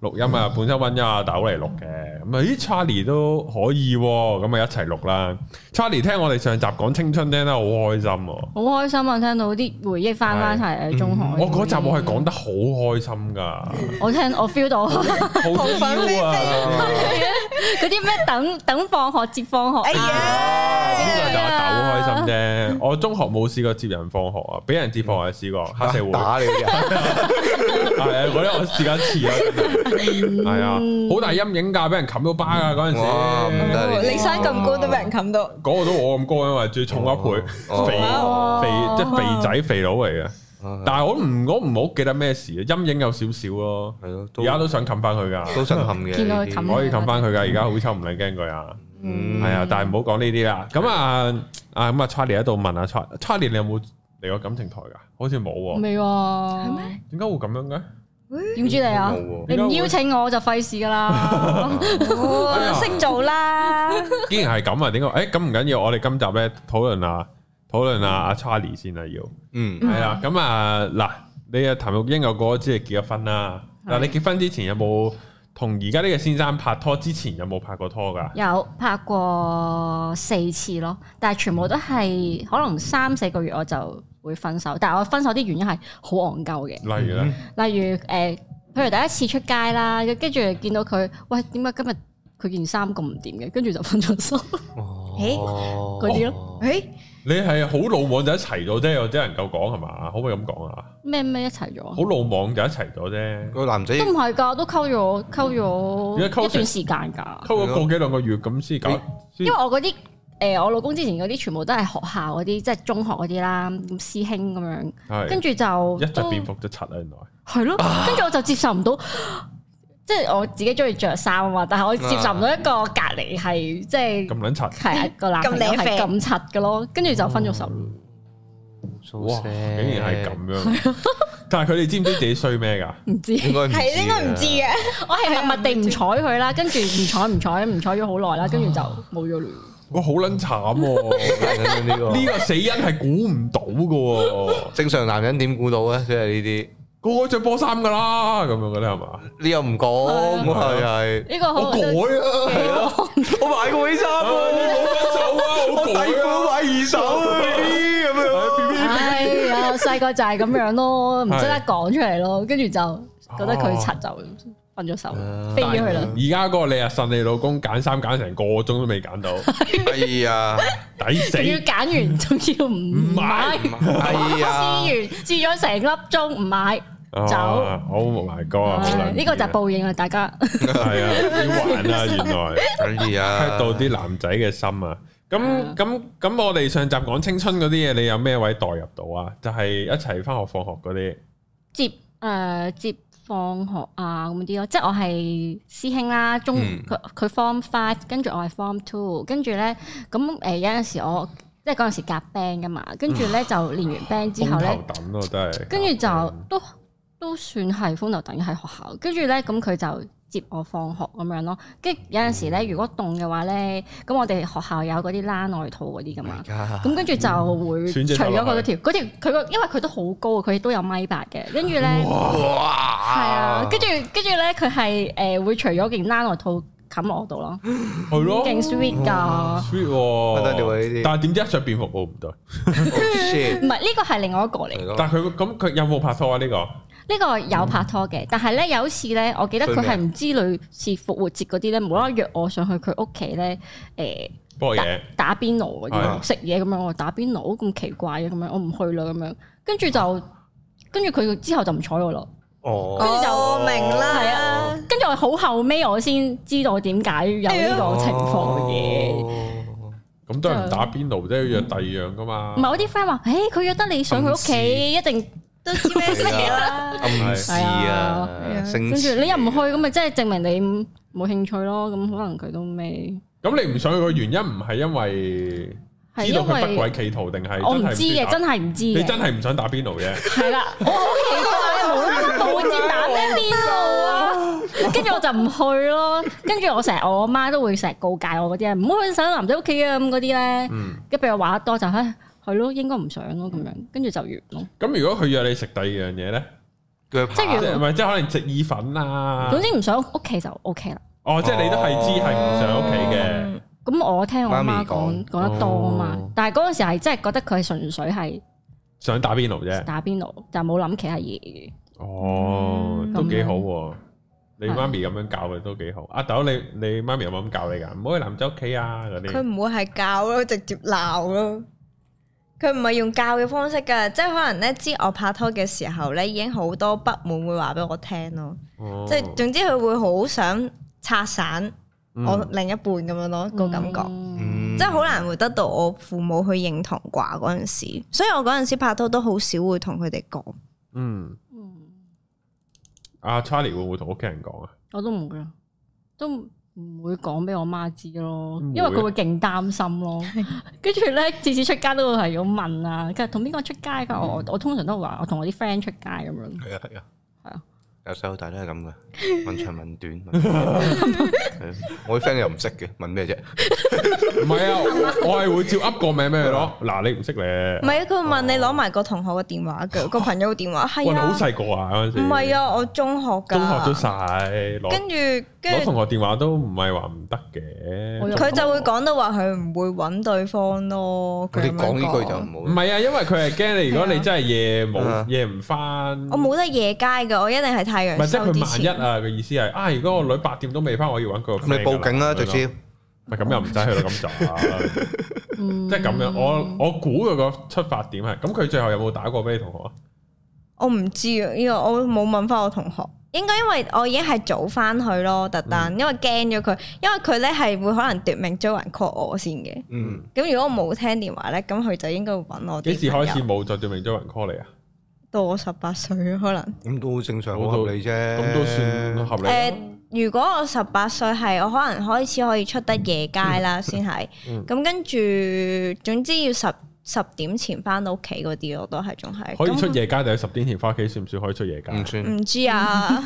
錄音啊，本身溫咗阿豆嚟錄嘅，咁啊咦，Charlie 都可以，咁啊一齊錄啦。Charlie 聽我哋上集講青春，聽得好開心。好開心啊！聽到啲回憶翻翻齊喺中學。我嗰集我係講得好開心噶。我聽我 feel 到好 fun 啊！嗰啲咩等等放學接放學，哎呀，呢個就阿豆好開心啫。我中學冇試過接人放學啊，俾人接放學試過黑社會打你嘅。係啊！嗰啲我試過一次啊，係啊，好大陰影噶，俾人冚到巴噶嗰陣時。哇！你生咁高都俾人冚到。嗰個都我咁高因為最重一倍，肥肥即係肥仔肥佬嚟嘅。但係我唔我唔好記得咩事啊，陰影有少少咯。係咯，而家都想冚翻佢噶，都想冚嘅，可以冚翻佢噶。而家好抽唔理驚佢啊，係啊。但係唔好講呢啲啦。咁啊啊，Charlie 喺度問下 Charlie，你有冇嚟過感情台噶？好似冇未？係咩？點解會咁樣嘅？點知你啊？你唔邀請我就費事噶啦，識做啦。既然係咁啊，點解？誒、欸，咁唔緊要，我哋今集咧討論啊，討論啊，阿 Charlie 先啦，要。嗯，係、嗯、啊，咁啊，嗱，你啊譚玉英有個哥即係結咗婚啦。嗱，你結婚之前有冇同而家呢個先生拍拖？之前有冇拍過拖噶？有拍過四次咯，但係全部都係可能三四個月我就。會分手，但係我分手啲原因係好戇鳩嘅。例如咧，例如誒、呃，譬如第一次出街啦，跟住見到佢，喂，點解今日佢件衫咁唔掂嘅？跟住就分咗手。誒、哦，嗰啲咯，誒、哦，欸、你係好魯莽就一齊咗啫，有啲人夠講係嘛？可唔可以咁講啊？咩咩一齊咗？好魯莽就一齊咗啫，個男仔子都唔係㗎，都溝咗溝咗一段時間㗎，溝咗個幾兩個月咁先搞。欸、因為我嗰啲。誒，我老公之前嗰啲全部都係學校嗰啲，即係中學嗰啲啦，咁師兄咁樣，跟住就一便服就柒啦，原來係咯。跟住我就接受唔到，即係我自己中意着衫啊嘛，但係我接受唔到一個隔離係即係咁撚柒，係啊個男朋友係咁柒嘅咯，跟住就分咗手。哇！竟然係咁樣，但係佢哋知唔知自己衰咩㗎？唔知，係應該唔知嘅。我係默默地唔睬佢啦，跟住唔睬唔睬唔睬咗好耐啦，跟住就冇咗。我好捻慘，呢個呢個死因係估唔到噶，正常男人點估到咧？即係呢啲，個個着波衫噶啦，咁樣噶啦係嘛？你又唔講係係呢個好改啊？係啊，我買過衣衫，我冇穩手啊，我低款買二手 B B 咁樣。哎呀，細個就係咁樣咯，唔識得講出嚟咯，跟住就覺得佢慘就咁。分咗手，飛咗去啦。而家嗰個你啊，信你老公揀衫揀成個鐘都未揀到，哎呀，抵死。要揀完，仲要唔買？試完，試咗成粒鐘唔買，走。Oh my god！呢個就係報應啦，大家。係啊，要玩啊，原來咁易啊，到啲男仔嘅心啊。咁咁咁，我哋上集講青春嗰啲嘢，你有咩位代入到啊？就係一齊翻學放學嗰啲接誒接。放學啊咁啲咯，即係我係師兄啦，中佢佢 form five，跟住我係 form two，跟住咧咁誒有陣時我即係嗰陣時夾 band 噶嘛，跟住咧就練完 band 之後咧，跟住就都都，就都，都算係風頭躉喺學校，跟住咧咁佢就。接我放學咁樣咯，跟住有陣時咧，如果凍嘅話咧，咁、嗯、我哋學校有嗰啲冷外套嗰啲噶嘛，咁跟住就會、嗯、除咗嗰條，嗰佢個因為佢都好高，佢都有米八嘅，跟住咧，係哇啊，跟住跟住咧，佢係誒會除咗件冷外套。冚落我度咯，勁 sweet 噶，sweet 喎，但係點知一着便服我唔得？唔係呢個係另外一個嚟，但係佢咁佢有冇拍拖啊？呢個呢個有拍拖嘅，嗯、但係咧有一次咧，我記得佢係唔知類似復活節嗰啲咧，冇啦啦約我上去佢屋企咧，幫我打打邊爐啊，食嘢咁樣，我打邊爐咁奇怪嘅，咁樣我唔去啦，咁樣跟住就跟住佢之後就唔睬我啦。哦，跟住就明啦，係啊，跟住我好後屘我先知道點解有呢個情況嘅，咁都係唔打邊爐都要約第二樣噶嘛。唔係我啲 friend 話，誒，佢約得你上佢屋企，一定都知咩事啦，咁係啊，跟住你入唔去，咁咪即係證明你冇興趣咯。咁可能佢都未，咁你唔上去嘅原因唔係因為。知道佢不軌企圖定係我唔知嘅，真係唔知。你真係唔想打邊爐嘅？係啦，我好奇怪，冇冇知打咩邊爐？跟住我就唔去咯。跟住我成日，我阿媽都會成日告誡我嗰啲唔好去啲細佬男仔屋企啊，咁嗰啲咧。嗯，跟住我話得多就，唉，係咯，應該唔想咯，咁樣，跟住就完咯。咁如果佢約你食第二樣嘢咧，即係唔係即係可能食意粉啊？總之唔想屋企就 OK 啦。哦，即係你都係知係唔想屋企嘅。咁我聽我媽講講得多啊嘛，但係嗰陣時係真係覺得佢係純粹係想打邊爐啫，打邊爐就冇諗其他嘢嘅。哦，都幾好，你媽咪咁樣教佢都幾好。阿豆，你你媽咪有冇咁教你噶？唔好去男仔屋企啊，嗰啲？佢唔會係教咯，直接鬧咯。佢唔係用教嘅方式噶，即係可能咧，知我拍拖嘅時候咧，已經好多不滿會話俾我聽咯。即係總之，佢會好想拆散我另一半咁樣咯，個感覺，嗯、即係好難會得到我父母去認同啩。嗰陣時，所以我嗰陣時拍拖都好少會同佢哋講。嗯，嗯，阿 Charlie 會唔會同屋企人講啊？我都唔會啊，都唔會講俾我媽知咯，因為佢會勁擔心咯。跟住咧，次 次出街都會係要問啊，其實同邊個出街？跟、嗯、我，我通常都話我同我啲 friend 出街咁樣咯。係啊，係啊。由細到大都係咁嘅，問長問短，我啲 friend 又唔識嘅，問咩啫？唔係啊，我係會照噏個名咩咯？嗱，你唔識咧？唔係啊，佢問你攞埋個同學嘅電話㗎，個朋友嘅電話係啊。你好細個啊，嗰陣時？唔係啊，我中學噶。中學都晒攞。跟住攞同學電話都唔係話唔得嘅。佢就會講到話佢唔會搵對方咯。佢講呢句就唔好。唔係啊，因為佢係驚你，如果你真係夜冇夜唔翻。我冇得夜街㗎，我一定係。唔係不即係佢萬一啊嘅意思係啊！如果我女八點都未翻，我要揾佢。你報警啦直接。唔係咁吧初又唔使去啦咁就。即係咁樣，我我估佢個出發點係咁。佢最後有冇打過俾你同學啊？我唔知啊，因為我冇問翻我同學。應該因為我已經係早翻去咯，特登、嗯，因為驚咗佢，因為佢咧係會可能奪命追魂 call 我先嘅。嗯。咁如果我冇聽電話咧，咁佢就應該會揾我。幾時開始冇再奪命追魂 call 你啊？到我十八歲可能咁都正常，好合理啫，咁都算合理。誒，如果我十八歲係我可能開始可以出得夜街啦，先係咁跟住，總之要十十點前翻到屋企嗰啲我都係仲係可以出夜街，定係十點前翻屋企算唔算可以出夜街？唔算？唔知啊。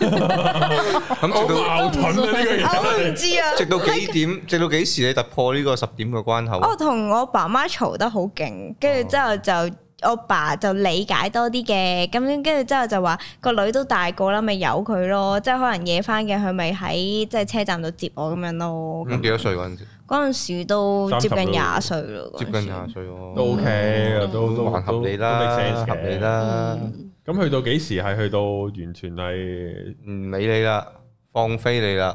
咁矛盾呢個人，我都唔知啊。直到幾點？直到幾時？你突破呢個十點嘅關口？我同我爸媽嘈得好勁，跟住之後就。我爸就理解多啲嘅，咁跟住之後就話個女都大個啦，咪由佢咯，即係可能夜翻嘅，佢咪喺即係車站度接我咁樣咯。咁幾、嗯、多歲嗰陣時？嗰陣時都接近廿歲咯。接近廿歲哦，嗯、都 OK 啊，都還合理啦，都合理啦。咁、嗯、去到幾時係去到完全係唔理你啦，放飛你啦？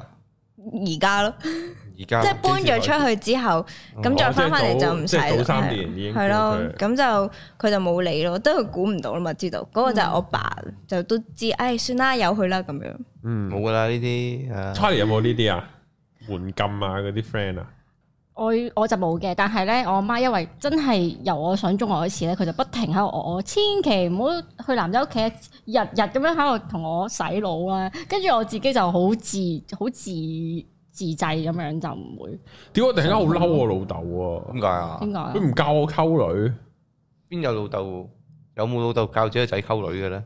而家在咯。 即係搬咗出去之後，咁再翻翻嚟就唔使三年已經係咯，咁就佢就冇理咯，都係估唔到啦嘛，知道嗰、那個就我爸、嗯、就都知，唉、哎，算啦，由佢啦咁樣。嗯，冇噶啦呢啲。Charlie 有冇呢啲啊？門禁啊，嗰啲 friend 啊？啊我我就冇嘅，但係咧，我阿媽因為真係由我上中學開始，咧，佢就不停喺度我，我千祈唔好去男仔屋企，日日咁樣喺度同我洗腦啦、啊。跟住我自己就好自好自。自制咁樣就唔會。屌我突然間好嬲我老豆啊！點解啊？點解、啊？佢唔教我溝女，邊有老豆有冇老豆教自己仔溝女嘅咧？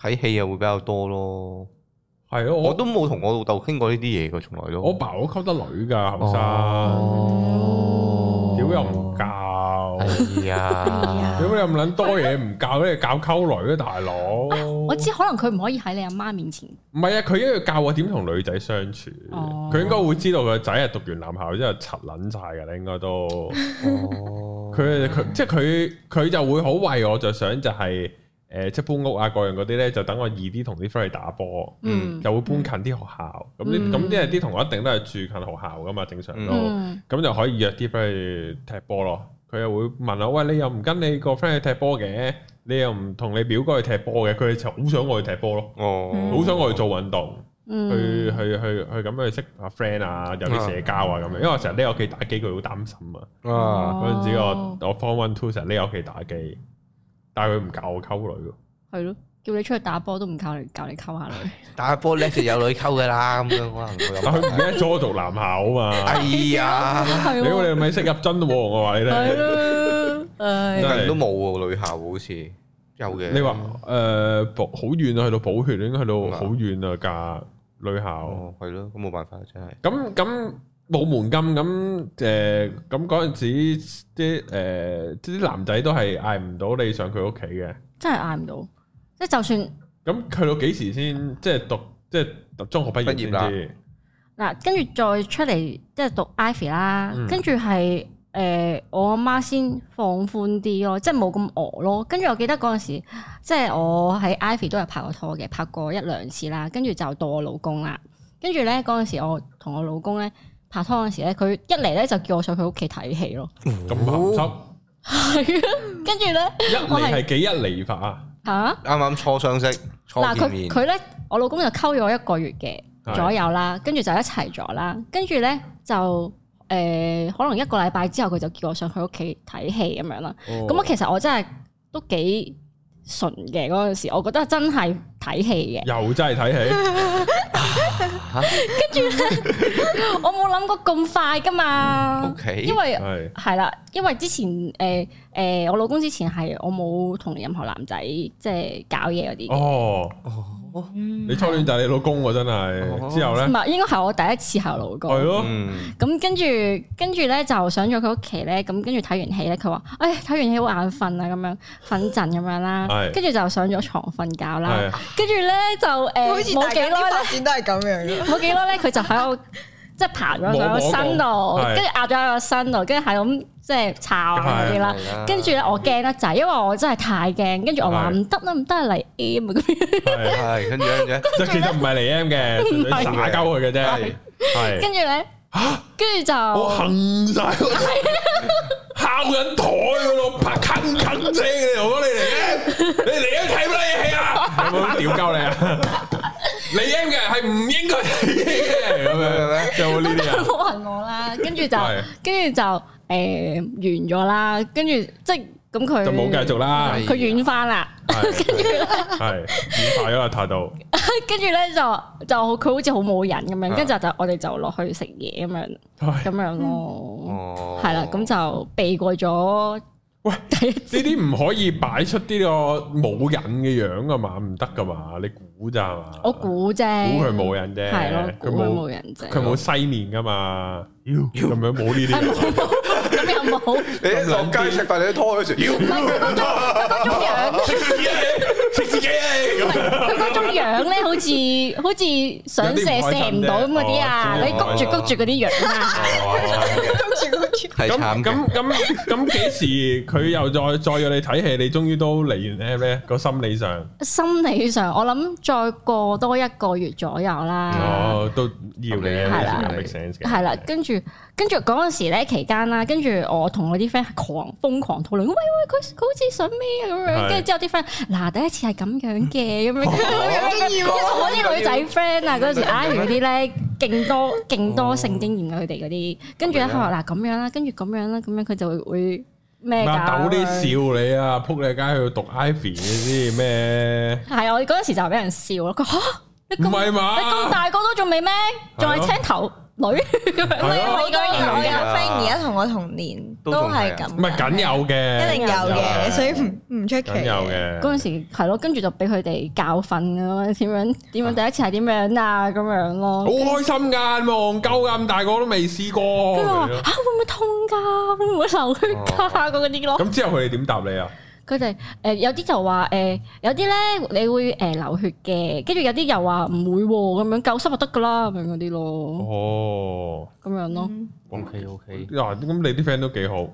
睇戲又會比較多咯。係咯，我，我都冇同我老豆傾過呢啲嘢噶，從來都。我爸我溝得女噶後生，屌、哦哦、又唔教，係啊、哎呀，屌又咁捻多嘢唔教咧，教溝女啊大佬。我知可能佢唔可以喺你阿媽面前。唔係啊，佢因要教我點同女仔相處，佢、哦、應該會知道個仔係讀完男校之後柒捻晒嘅咧，應該都。佢佢即係佢佢就會好為我着想，就係誒、就是呃，即係搬屋啊，各樣嗰啲咧，就等我易啲同啲 friend 去打波。嗯，就會搬近啲學校。咁咁啲係啲同學一定都係住近學校噶嘛，正常都。咁、嗯嗯、就可以約啲 friend 去踢波咯。佢又會問我，喂，你又唔跟你個 friend 去踢波嘅？你又唔同你表哥去踢波嘅？佢就好想我去踢波咯，好、哦、想我去做運動，嗯、去去去去咁樣去識阿 friend 啊，有啲社交啊咁樣。嗯、因為成日匿喺屋企打機，佢好擔心啊。嗰陣時我我 form one two 成日匿喺屋企打機，但係佢唔教我溝女喎。係咯，叫你出去打波都唔教你教你溝下女。打波叻就有女溝㗎啦，咁樣可能佢但佢唔記得咗我讀男校啊嘛。 哎呀，你你咪識入針喎！我話你聽。 了 對了誒，近年都冇喎，女校好似有嘅。你話誒，好遠啊，去到寶血，應該去到好遠啊，嫁女校係咯，咁冇、嗯、辦法真係。咁咁冇門禁，咁誒，咁嗰陣時啲誒，即係男仔都係嗌唔到你上佢屋企嘅，真係嗌唔到，即係就算。咁去到幾時先，即係讀即係讀中學畢業先知。嗱，跟住再出嚟即係讀 Ivy 啦，跟住係。誒、欸，我阿媽先放寬啲咯，即係冇咁餓咯。跟住我記得嗰陣時，即係我喺 Ivy 都有拍過拖嘅，拍過一兩次啦。跟住就到我老公啦。跟住咧嗰陣時，我同我老公咧拍拖嗰陣時咧，佢一嚟咧就叫我上佢屋企睇戲咯。咁鹹濕係啊！跟住咧一嚟係幾一嚟法啊？嚇！啱啱初相識，初見面佢咧、啊，我老公就溝咗一個月嘅左右啦，跟住的就一齊咗啦。跟住咧就。誒、呃，可能一個禮拜之後佢就叫我上去屋企睇戲咁樣啦。咁啊，其實我真係都幾純嘅嗰陣時，我覺得真係睇戲嘅。又真係睇戲，跟住咧，我冇諗過咁快㗎嘛。嗯 okay? 因為係啦，是因為之前誒誒、呃呃，我老公之前係我冇同任何男仔即係搞嘢嗰啲。哦。嗯、你初戀就係你老公喎、啊，真係、哦、之後咧，唔係應該係我第一次係老公。係咯，咁、嗯、跟住跟住咧，就上咗佢屋企咧，咁跟住睇完戲咧，佢話，誒、哎，睇完戲好眼瞓啊，咁樣瞓陣咁樣啦，的跟住就上咗床瞓覺啦，的跟住咧就誒，冇幾耐，咧、呃，發展都係咁樣嘅，冇幾耐咧，佢就喺我。 即係爬咗上去個身度，跟住壓咗喺個身度，跟住係咁即係抄嗰啲啦。跟住咧我驚得滯，因為我真係太驚。跟住我話唔得啦，唔得嚟 M 咁樣。係，跟住咧，即係其實唔係嚟 M 嘅，打交佢嘅啫。係，跟住咧，跟住就我行晒嗰啲，敲緊台嗰度，啪近近聲，你你嚟嘅，你嚟啊睇乜嘢戲啊？有冇屌鳩你啊？你 M 嘅係唔應該睇嘅咁樣咧，就呢啲啊。咁但係我問我啦，跟住就，跟住就誒完咗啦。跟住即係咁佢就冇繼續啦。佢軟返啦，跟住咧，係軟排咗個態度。跟住咧就就佢好似好冇人咁樣，跟住就我哋就落去食嘢咁樣，咁樣咯，係啦，咁就避過咗。喂，呢啲唔可以擺出啲個冇人嘅樣㗎嘛，唔得噶嘛，你。估咋嘛？我估啫，估佢冇人啫，係咯，佢冇冇人啫，佢冇西面噶嘛，咁樣冇呢啲，咁又冇。你落街食飯，你拖佢住，唔係佢嗰種樣，食自己啊你，佢嗰種樣咧，好似好似想射射唔到咁嗰啲啊，你谷住谷住嗰啲樣啊，谷住谷住。咁咁咁咁幾時佢又再再約你睇戲？你終於都嚟完 a 咧？個心理上，心理上我諗。再過多一個月左右啦，哦都要你係啦，跟住跟住嗰陣時咧期間啦，跟住我同我啲 friend 狂瘋狂討論，喂喂佢佢好似想咩咁樣，哦啊哦樣，嗯啊、樣，跟住之後啲 friend 嗱第一次係咁樣嘅咁樣經驗，我啲女仔 friend 啊嗰時啊嗰啲咧勁多勁多性經驗嘅佢哋嗰啲，跟住咧佢嗱咁樣啦，跟住咁樣啦，咁樣佢就會會。乜？逗啲、啊、他笑你啊！扑 你街去讀 ivy 嗰啲咩？係啊 麼！我哋嗰陣時就俾人笑咯。佢話吓，唔係嘛？你咁大個都仲未咩？仲係 青頭。 女咁好多然我有 friend 而家同我同年，都係咁。唔係梗有嘅，一定有嘅，所以唔唔出奇。有嘅嗰陣時係咯，跟住就俾佢哋教訓，咁樣點樣點樣第一次係點樣啊，咁樣咯。好開心㗎，望夠咁大個都未試過。跟住話啊，會唔會痛㗎？會唔會流血㗎？嗰啲咯。咁之後佢哋點答你啊？佢哋誒有啲就話誒、呃、有啲咧，你會誒、呃、流血嘅，跟住有啲又話唔會喎，咁樣夠濕就得㗎啦，咁樣嗰啲咯。哦，咁樣咯。OK OK。嗱、okay, okay. 啊，咁你啲 friend 都幾好。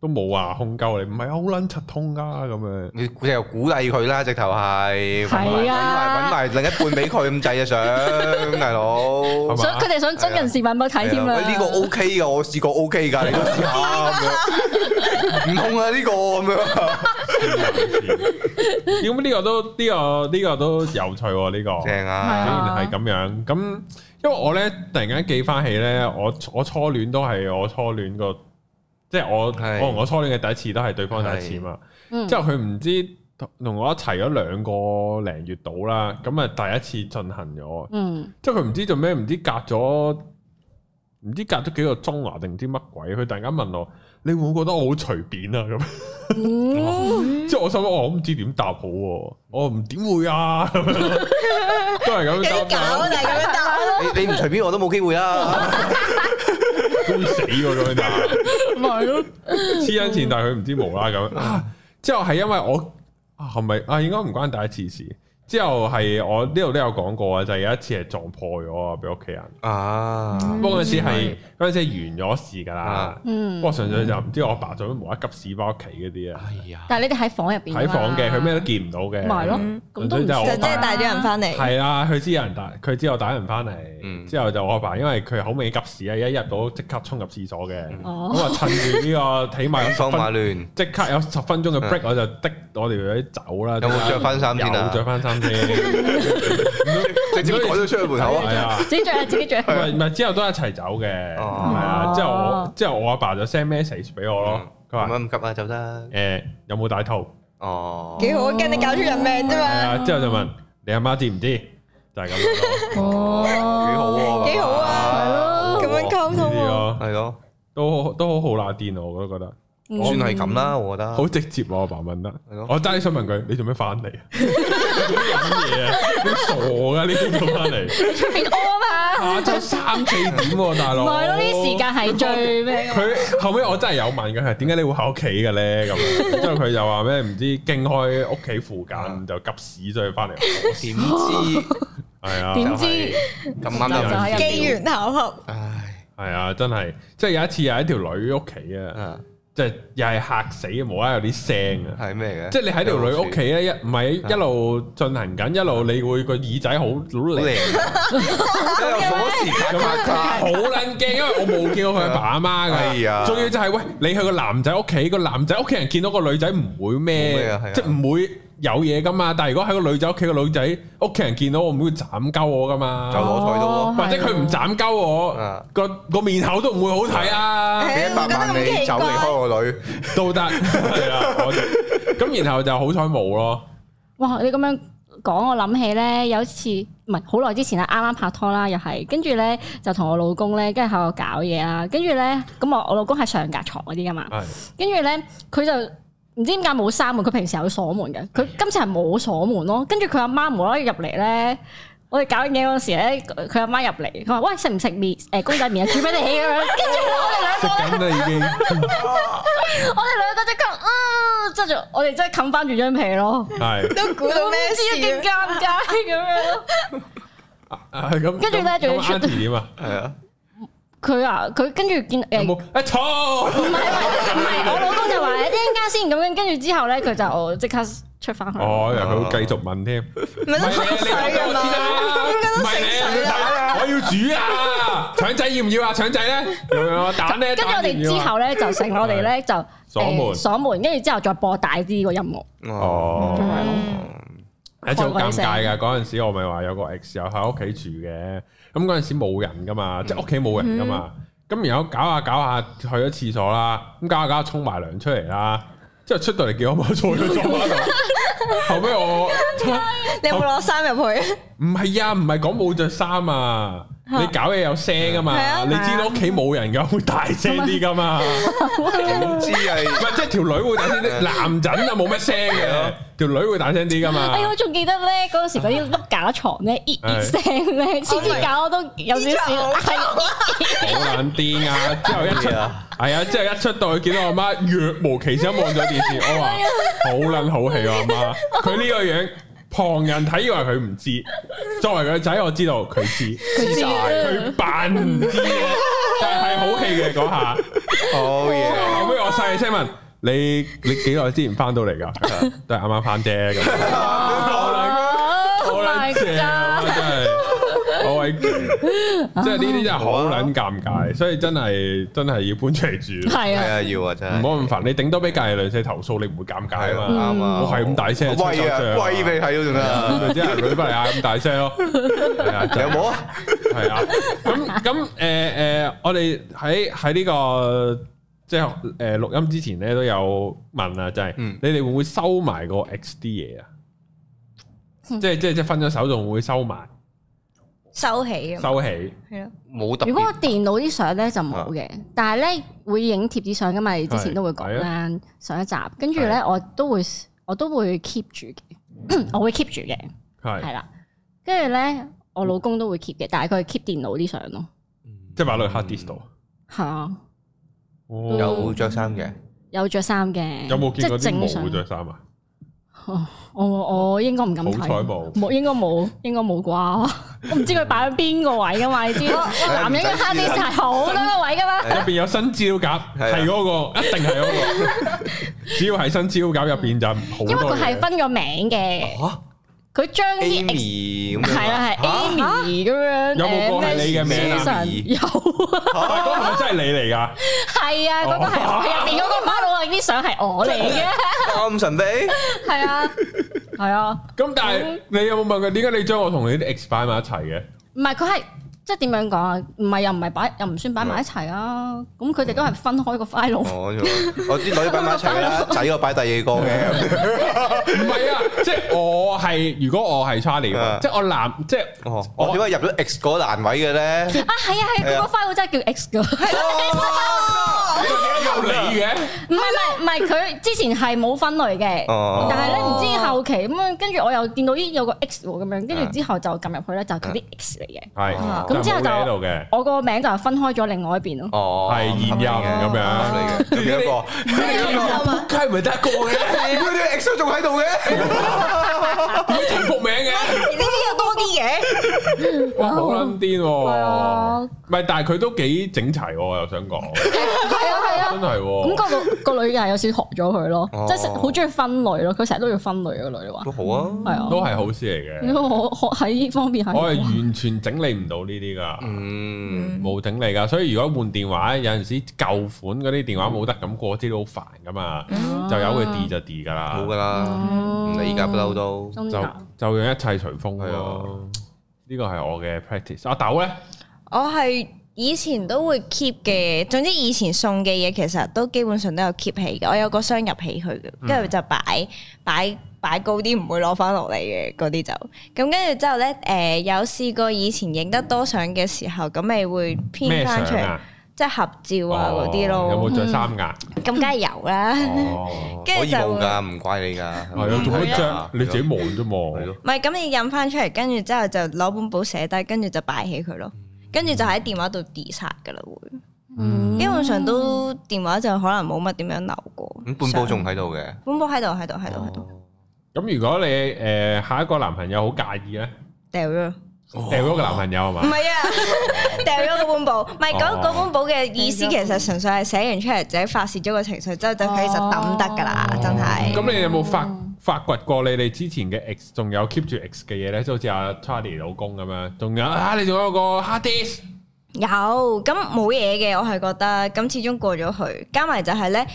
都冇話，控鳩你，唔係好捻柒通啊咁啊！你估又鼓勵佢啦，直頭係，搵埋搵埋另一半俾佢咁制啊！想大佬，想佢哋想真人示範俾我睇添啊！呢個 OK 噶，我試過 OK 噶，你都試下咁樣，唔痛啊呢個咁樣。咁呢個都呢個呢個都有趣喎，呢個正啊！竟然係咁樣。咁因為我咧突然間記翻起咧，我我初戀都係我初戀個。即係我，是我同我初戀嘅第一次都係對方第一次嘛。嗯、之後佢唔知同我一齊咗兩個零月到啦，咁啊第一次進行咗。嗯，即係佢唔知做咩，唔知隔咗，唔知隔咗幾個鐘啊，定唔知乜鬼。佢突然間問我，你會唔會覺得我好隨便啊？咁，即係我心諗，我唔知點答好。我唔點會啊？都係咁樣、嗯、咁樣咁樣答你。你唔隨便，我都冇機會啊，衰 死咗咁啊！ 咪咯，黐緊線，但係佢唔知無啦咁啊！之後係因為我係咪啊？應該唔關第一次事。之後係我呢度都有講過啊，就係、是、有一次係撞破咗啊，俾屋企人啊。不過嗰次係。嗰陣時完咗事噶啦，哇！純粹就唔知我阿爸做乜冇啦啦急屎翻屋企嗰啲啊。係啊。但係你哋喺房入邊。喺房嘅，佢咩都見唔到嘅。咪咯。咁就即係帶咗人翻嚟。係啊，佢知有人帶，佢知我帶人翻嚟。之後就我阿爸，因為佢好未急屎啊，一入到即刻衝入廁所嘅。咁我趁住呢個起碼有方馬亂，即刻有十分鐘嘅 break，我就的我哋啲走啦。有冇着翻衫添啊？着翻衫先。直接都改咗出去門口啊！自己着啊，自己着。唔係係，之後都一齊走嘅，係啊、哦。之後我之後我阿爸，爸就 send message 俾我咯，佢話唔急唔急啊，走啦。誒、欸，有冇帶套？哦，幾好啊，驚你搞出人命啫嘛。係啊，之後就問你阿媽知唔知？就係咁咯。哦，幾、嗯、好啊，幾好啊，係咯，咁樣溝通係咯，都都好好拉電啊，我都覺得。算係咁啦，我覺得好直接。我阿爸問得，我真係想問佢：你做咩翻嚟，你做咩嘢啊？你傻噶？你點做翻嚟？出面屙啊嘛？啊，都三、四點喎，大佬。唔係咯，啲時間係最咩？佢後尾我真係有問佢：「係點解你會喺屋企嘅咧？」之後佢又話咩唔知經開屋企附近就急屎所以翻嚟。點知係啊？點知咁啱機緣巧合？唉，係啊！真係即係有一次又喺條女屋企啊～即係又係嚇死，無啦有啲聲啊！係咩嘅？即係你喺條女屋企咧，一唔係一路進行緊，一路你會個耳仔好老老一路鎖匙打孖卡，好撚驚，因為我冇見過佢阿爸阿媽嘅。係啊、 哎呀，仲要就係、係、喂，你去個男仔屋企，個男仔屋企人見到個女仔唔會咩？即係唔會。麼有嘢噶嘛？但係如果喺個女仔屋企，個女仔屋企人見到我，唔會斬鳩我噶嘛？就攞菜刀，或者佢唔斬鳩我個個面口都唔會好睇啊，俾一百萬你走離開我女，都得係啦。咁然後就好彩冇咯。哇！你咁樣講，我諗起咧，有一次唔係好耐之前啦，啱啱拍拖啦，又係跟住咧就同我老公咧，跟住喺度搞嘢啦。跟住咧咁我我老公係上格床嗰啲噶嘛，跟住咧佢就。唔知點解冇閂門，佢平時有鎖門嘅。佢今次係冇鎖門咯，跟住佢阿媽冇啦啦入嚟咧，我哋搞嘢嗰時咧，佢阿媽入嚟，佢話：喂食唔食麵？誒、呃，公仔麵啊，煮俾你起咁樣。跟住我哋兩個食緊啦已經。我哋兩個即刻，嗯、啊，即係我哋即係冚翻住張被咯，係都估到咩知一咁尷尬咁樣。啊，係咁。跟住咧，仲要出點啊？係啊。 佢啊，佢跟住見誒，有冇，錯、欸，唔係唔係，我老公就話一陣間先咁樣，跟住之後咧，佢就即刻出翻去。哦，又佢會繼續問添，唔係啊，你諗多啲啊，唔係、啊、你唔要打啊，我要煮啊，腸 仔要唔要啊，腸仔咧咁樣，打咩，跟住我哋之後咧，就成我哋咧就鎖門，鎖、欸、門，跟住之後再播大啲個音樂。哦。吧有次好尷尬噶，嗰陣時，我咪話有個 ex 友喺屋企住嘅，咁嗰陣時冇人噶嘛，嗯、即係屋企冇人噶嘛，咁然後搞下搞下去咗廁所啦，咁搞下搞下沖埋涼出嚟啦，之後出到嚟叫我冇坐咗坐喺度，後尾我，你有冇攞衫入去？唔係呀，唔係講冇着衫啊！你搞嘢有聲啊嘛，你知道屋企冇人嘅會大聲啲噶嘛？唔知啊，即係條女會大聲啲，男人就冇乜聲嘅咯。條女會大聲啲噶嘛？哎呀，我仲記得咧，嗰陣時嗰啲碌架床咧，咦咦聲咧，次次搞我都有少少係好撚癲啊！之後一出啊，之後一出到去見到我媽若無其事咁望咗電視，我話好撚好氣啊，媽佢呢個樣。旁人睇以為佢唔知，作為佢個仔我知道佢知，知晒，佢扮唔知，但係好氣嘅嗰下。好嘢，後屘我細聲問你你幾耐之前翻到嚟㗎？都係啱啱翻啫。Oh my god！Oh my 即係呢啲真係好撚尷尬，所以真係真係要搬出嚟住。係啊，要啊，真係唔好咁煩。你頂多俾隔籬鄰舍投訴，你唔會尷尬嘛。啱啊，冇係咁大聲。喂啊，喂，你係嗰種啊，即係女嚟嗌咁大聲咯。係啊，有冇啊？係啊，咁咁誒誒，我哋喺喺呢個即係誒錄音之前咧都有問啊，就係你哋會唔會收埋個 X 啲嘢啊？即係即係即係分咗手仲會收埋。收起，收起，係咯，冇。如果我電腦啲相咧就冇嘅，但係咧會影貼紙相噶嘛？之前都會講啦，上一集跟住咧我都會我都會 keep 住嘅，我會 keep 住嘅，係啦。跟住咧我老公都會 keep 嘅，但係佢 keep 電腦啲相咯，即係買兩 hard disk 度。係啊，有着衫嘅，有着衫嘅，有冇見過啲會着衫啊？哦，我我應該唔敢睇，冇應該冇，應該冇啩。我唔知佢擺喺邊個位噶嘛？你知 男人嘅 hard disk 係好多個位噶嘛？入邊 新有新招夾，係嗰、 個，一定係嗰、個。 只要係新招夾入邊就好多。因為佢係分個名嘅。哦佢將啲 Amy 係啊係 Amy 咁樣，有冇個係你嘅名？有！啊？有啊，真係你嚟噶？係啊，覺得係入邊嗰個馬佬啊啲相係我嚟嘅，咁神啲？係啊，係啊。咁但係你有冇問佢點解你將我同你啲 X 擺埋一齊嘅？唔係，佢係。即係點樣講啊？唔係又唔係擺，又唔算擺埋一齊啊！咁佢哋都係分開個 file。我啲女擺埋一齊啦，仔我擺第二個嘅。唔係啊！即係我係，如果我係 Charlie，即係我男，即係我點解入咗 X 嗰個欄位嘅咧？啊係啊係，個 file 真係叫 X 嘅。係咯，我做你嘅？唔係唔係唔係，佢之前係冇分類嘅。哦。但係咧，唔知後期咁啊，跟住我又見到咦有個 X 咁樣，跟住之後就撳入去咧，就係啲 X 嚟嘅。係。之後就喺度嘅，我個名就係分開咗另外一邊咯，係現任咁樣嚟嘅，都一個，佢唔係得一個嘅，佢啲 ex 仲喺度嘅，全仆名嘅，呢啲又多啲嘢，哇好撚癲，唔係但係佢都幾整齊，我又想講。真係咁，嗰個個女嘅有少少學咗佢咯，即係好中意分類咯。佢成日都要分類個女話，都好啊，係啊，都係好事嚟嘅。我學喺呢方面，我係完全整理唔到呢啲噶，嗯，冇整理噶。所以如果換電話，有陣時舊款嗰啲電話冇得咁過啲都好煩噶嘛。就有佢 D 就 D 噶啦，冇噶啦，你而家不嬲都就就用一切隨風係咯。呢個係我嘅 practice。阿豆咧，我係。以前都會 keep 嘅，總之以前送嘅嘢其實都基本上都有 keep 起嘅，我有個箱入起佢嘅，跟住、嗯、就擺擺擺高啲，唔會攞翻落嚟嘅嗰啲就咁。跟、嗯、住之後咧，誒、呃、有試過以前影得多相嘅時候，咁咪會編翻出嚟，啊、即係合照啊嗰啲咯。哦、有冇著衫啊？咁梗係有啦，跟住就唔貴㗎，唔怪你㗎，係啊，仲、 哦、有隻、 啊啊、你自己望啫望？係了了咯。唔係咁，你印翻出嚟，跟住之後就攞本簿寫低，跟住就擺起佢咯。跟住就喺電話度自殺噶啦，會，基本上都電話就可能冇乜點樣鬧過。本波仲喺度嘅，本波喺度喺度喺度喺度。咁、哦、如果你誒、呃、下一個男朋友好介意咧，掉咗。掉咗個男朋友係嘛？唔係哇啊， 掉咗個本簿，唔係嗰嗰本簿嘅意思，其實純粹係寫完出嚟，自己發洩咗個情緒之後，哦、就佢實抌得噶啦，真係。咁、哦、你有冇發發掘過你哋之前嘅 x 仲有 keep 住 x 嘅嘢咧？即好似阿 Trudy 老公咁樣，仲有啊，你仲有個 Hardies 有咁冇嘢嘅，我係覺得咁始終過咗佢。加埋就係、是、咧，誒、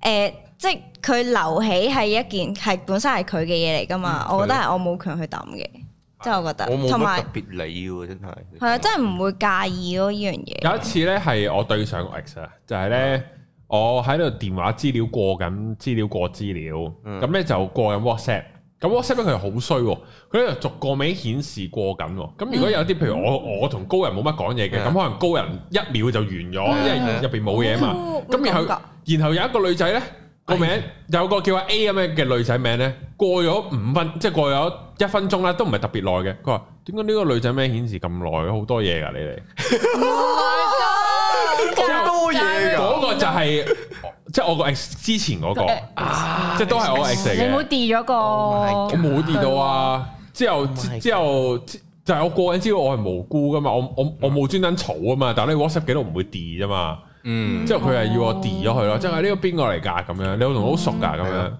呃，即係佢留起係一件係本身係佢嘅嘢嚟噶嘛，嗯、我覺得係我冇強去抌嘅。真係我覺得，同埋特別理喎，有真係。係啊對，真係唔會介意咯依樣嘢。對有一次咧，係我對上個 ex 啊，就係咧，我喺度電話資料過緊，資料過資料，咁咧、嗯、就過緊 WhatsApp Wh。咁 WhatsApp 咧，佢又好衰喎，佢喺度逐個名顯示過緊喎。咁、嗯、如果有啲譬如我我同高人冇乜講嘢嘅，咁、嗯、可能高人一秒就完咗，因為入邊冇嘢啊嘛。咁、嗯、然後然後有一個女仔咧。個名有個叫阿 A 咁樣嘅女仔名咧，過咗五分，即係過咗一分鐘啦，都唔係特別耐嘅。佢話點解呢個女仔名顯示咁耐，好多嘢噶你哋？好哇 多嘢，嗰個就係、是、 即係我個 ex 之前嗰、那個那 x，啊，即係都係我 ex 嚟嘅。你冇 d 咗個？Oh、my God，我冇 d 到啊！吧之後、oh、之後、oh、之後就係、是、我個人知道我係無辜噶嘛，我我我冇專登吵啊嘛，但係我 WhatsApp 記錄唔會 delete 啫嘛。嗯，之後佢係要我 delete 咗佢咯，哦、即係呢個邊個嚟噶咁樣，你老同我好熟噶、啊、咁、嗯、樣。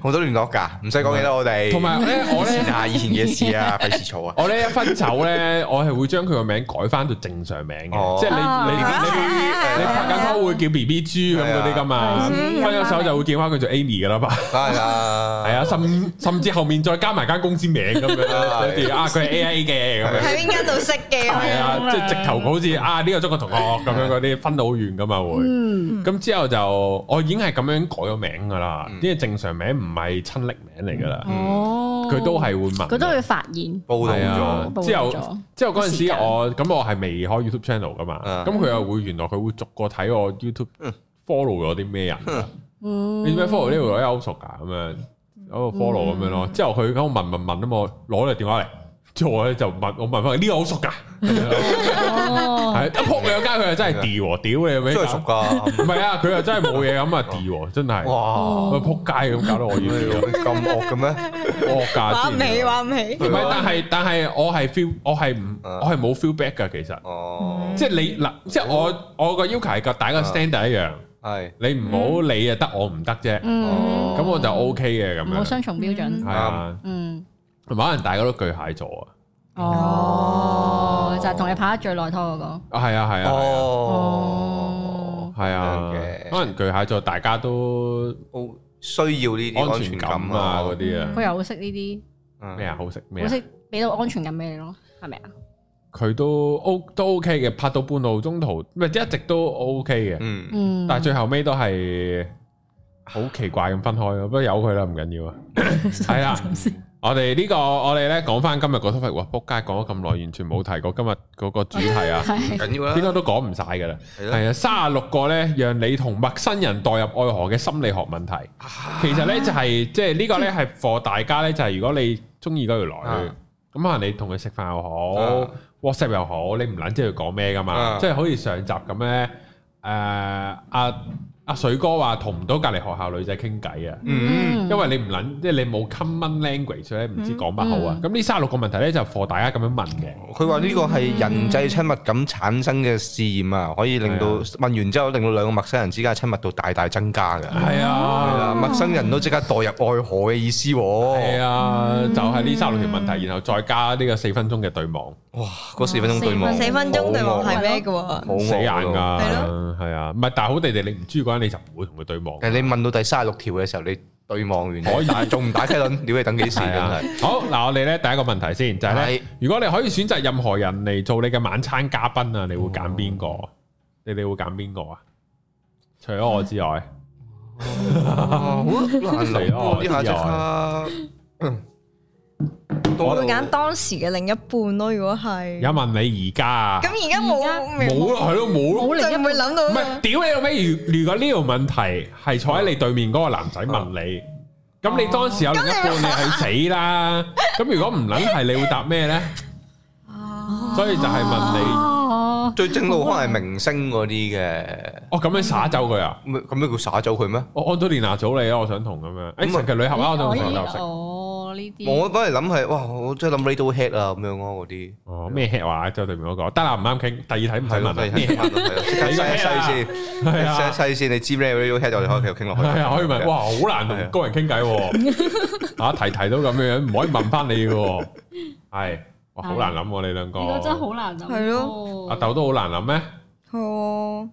好多聯絡噶，唔使講嘢啦，我哋。同埋我咧以前嘅事啊，費事嘈啊。我咧一分手咧，我係會將佢個名改翻到正常名嘅，即係你你你你拍緊拖會叫 BB 豬咁嗰啲噶嘛，分咗手就會叫翻佢做 Amy 噶啦吧，係啦，係啊，甚甚至後面再加埋間公司名咁樣啊，嗰啲啊佢係 AIA 嘅咁樣，喺邊間度識嘅係啊，即係直頭好似啊呢個中國同學咁樣嗰啲分到好遠噶嘛會，咁之後就我已經係咁樣改咗名噶啦，即係正。常名唔係親歷名嚟㗎喇，佢、哦、都係會問，佢都會發現，係啊。之後之後嗰陣時我咁件我係未開 YouTube channel 㗎嘛，咁佢、嗯、又會原來佢會逐個睇我 YouTube follow 咗啲咩人，嗯，啲咩 follow 呢度我好熟噶，咁樣有個 follow 咁樣咯，嗯、之後佢咁度問問問啊嘛，攞你電話嚟。錯咧就問，我問翻佢呢個好熟噶，係一扑兩街佢又真係屌，屌嘅咩？真係熟噶，唔係啊，佢又真係冇嘢咁啊屌，真係哇，扑街咁搞到我要咁惡嘅咩？惡價畫眉畫眉，唔係但係但係我係 feel，我係唔我係冇 feel bad 噶，其實，即係你嗱，即係我我個要求係個大家 standard 一樣，係你唔好你啊得我唔得啫，咁我就 OK 嘅咁樣，冇雙重標準，係啊，嗯。可能大家都巨蟹座啊，哦，就係同你拍得最耐拖嗰個，啊係啊係啊，哦，係啊，可能巨蟹座大家都需要呢啲安全感啊嗰啲啊，佢又會識呢啲咩啊，好識咩啊，好識俾到安全感俾你咯，係咪啊？佢都 O 都 OK 嘅，拍到半路中途唔係一直都 OK 嘅，嗯，但係最後尾都係好奇怪咁分開咯，不過由佢啦，唔緊要啊，係啊。我哋、這個、呢個我哋咧講翻今日個 topic，哇！撲街講咗咁耐，完全冇提過今日嗰個主題啊，唔緊要啦，應該都講唔晒噶啦。係啊，三十六個咧，讓你同陌生人代入愛河嘅心理學問題，啊、其實咧就係即係呢個咧係 for 大家咧，就係、是、如果你中意嗰條女，咁可能你同佢食飯又好、啊、，WhatsApp 又好，你唔撚知佢講咩噶嘛，即係、啊、好似上集咁咧，誒、呃、啊！阿水哥話同唔到隔離學校女仔傾偈啊，嗯，因為你唔撚即係你冇 common language 咧，唔知講乜好啊。咁呢三十六個問題咧就 for 大家咁樣問嘅。佢話呢個係人際親密感產生嘅試驗啊，可以令到問完之後令到兩個陌生人之間親密度大大增加嘅。係啊，陌生人都即刻墮入愛河嘅意思喎。係啊，就係呢三六條問題，然後再加呢個四分鐘嘅對望。哇，嗰四分鐘對望，四分鐘對望係咩㗎喎？冇死眼㗎。係啊，唔但係好地地你唔知嘅你就唔會同佢對望。但係你問到第三十六條嘅時候，你對望完，我但係仲唔打茄輪？你要等幾時啊？好，嗱，我哋咧第一個問題先，就係咧，如果你可以選擇任何人嚟做你嘅晚餐嘉賓啊，你會揀邊個？你哋會揀邊個啊？除咗我之外，難咯，呢下就發。我揀當時嘅另一半咯，如果係有問你而家啊，咁而家冇冇咯，係咯，冇咯，就唔會諗到。唔係，屌你，後屘如如果呢條問題係坐喺你對面嗰個男仔問你，咁你當時有另一半，你係死啦。咁如果唔諗係，你會答咩咧？所以就係問你，最正路可能係明星嗰啲嘅。哦咁樣耍走佢啊？咁樣叫耍走佢咩？我安多蓮拿早你咯，我想同咁樣。誒，其實旅行啊，都可以。我本來諗係，哇！我即係諗 radio head 啊，咁樣咯，嗰啲。哦，咩 head 話即係對面嗰個？得啦，唔啱傾。第二題唔使問啦。咩問啊？細線，細細線，你知咩 radio head 我哋可以繼續傾落去。可以問，哇！好難同高人傾偈，吓提提都咁樣樣，唔可以問翻你嘅。係，好難諗。你兩個真係好難諗。係咯。阿豆都好難諗咩？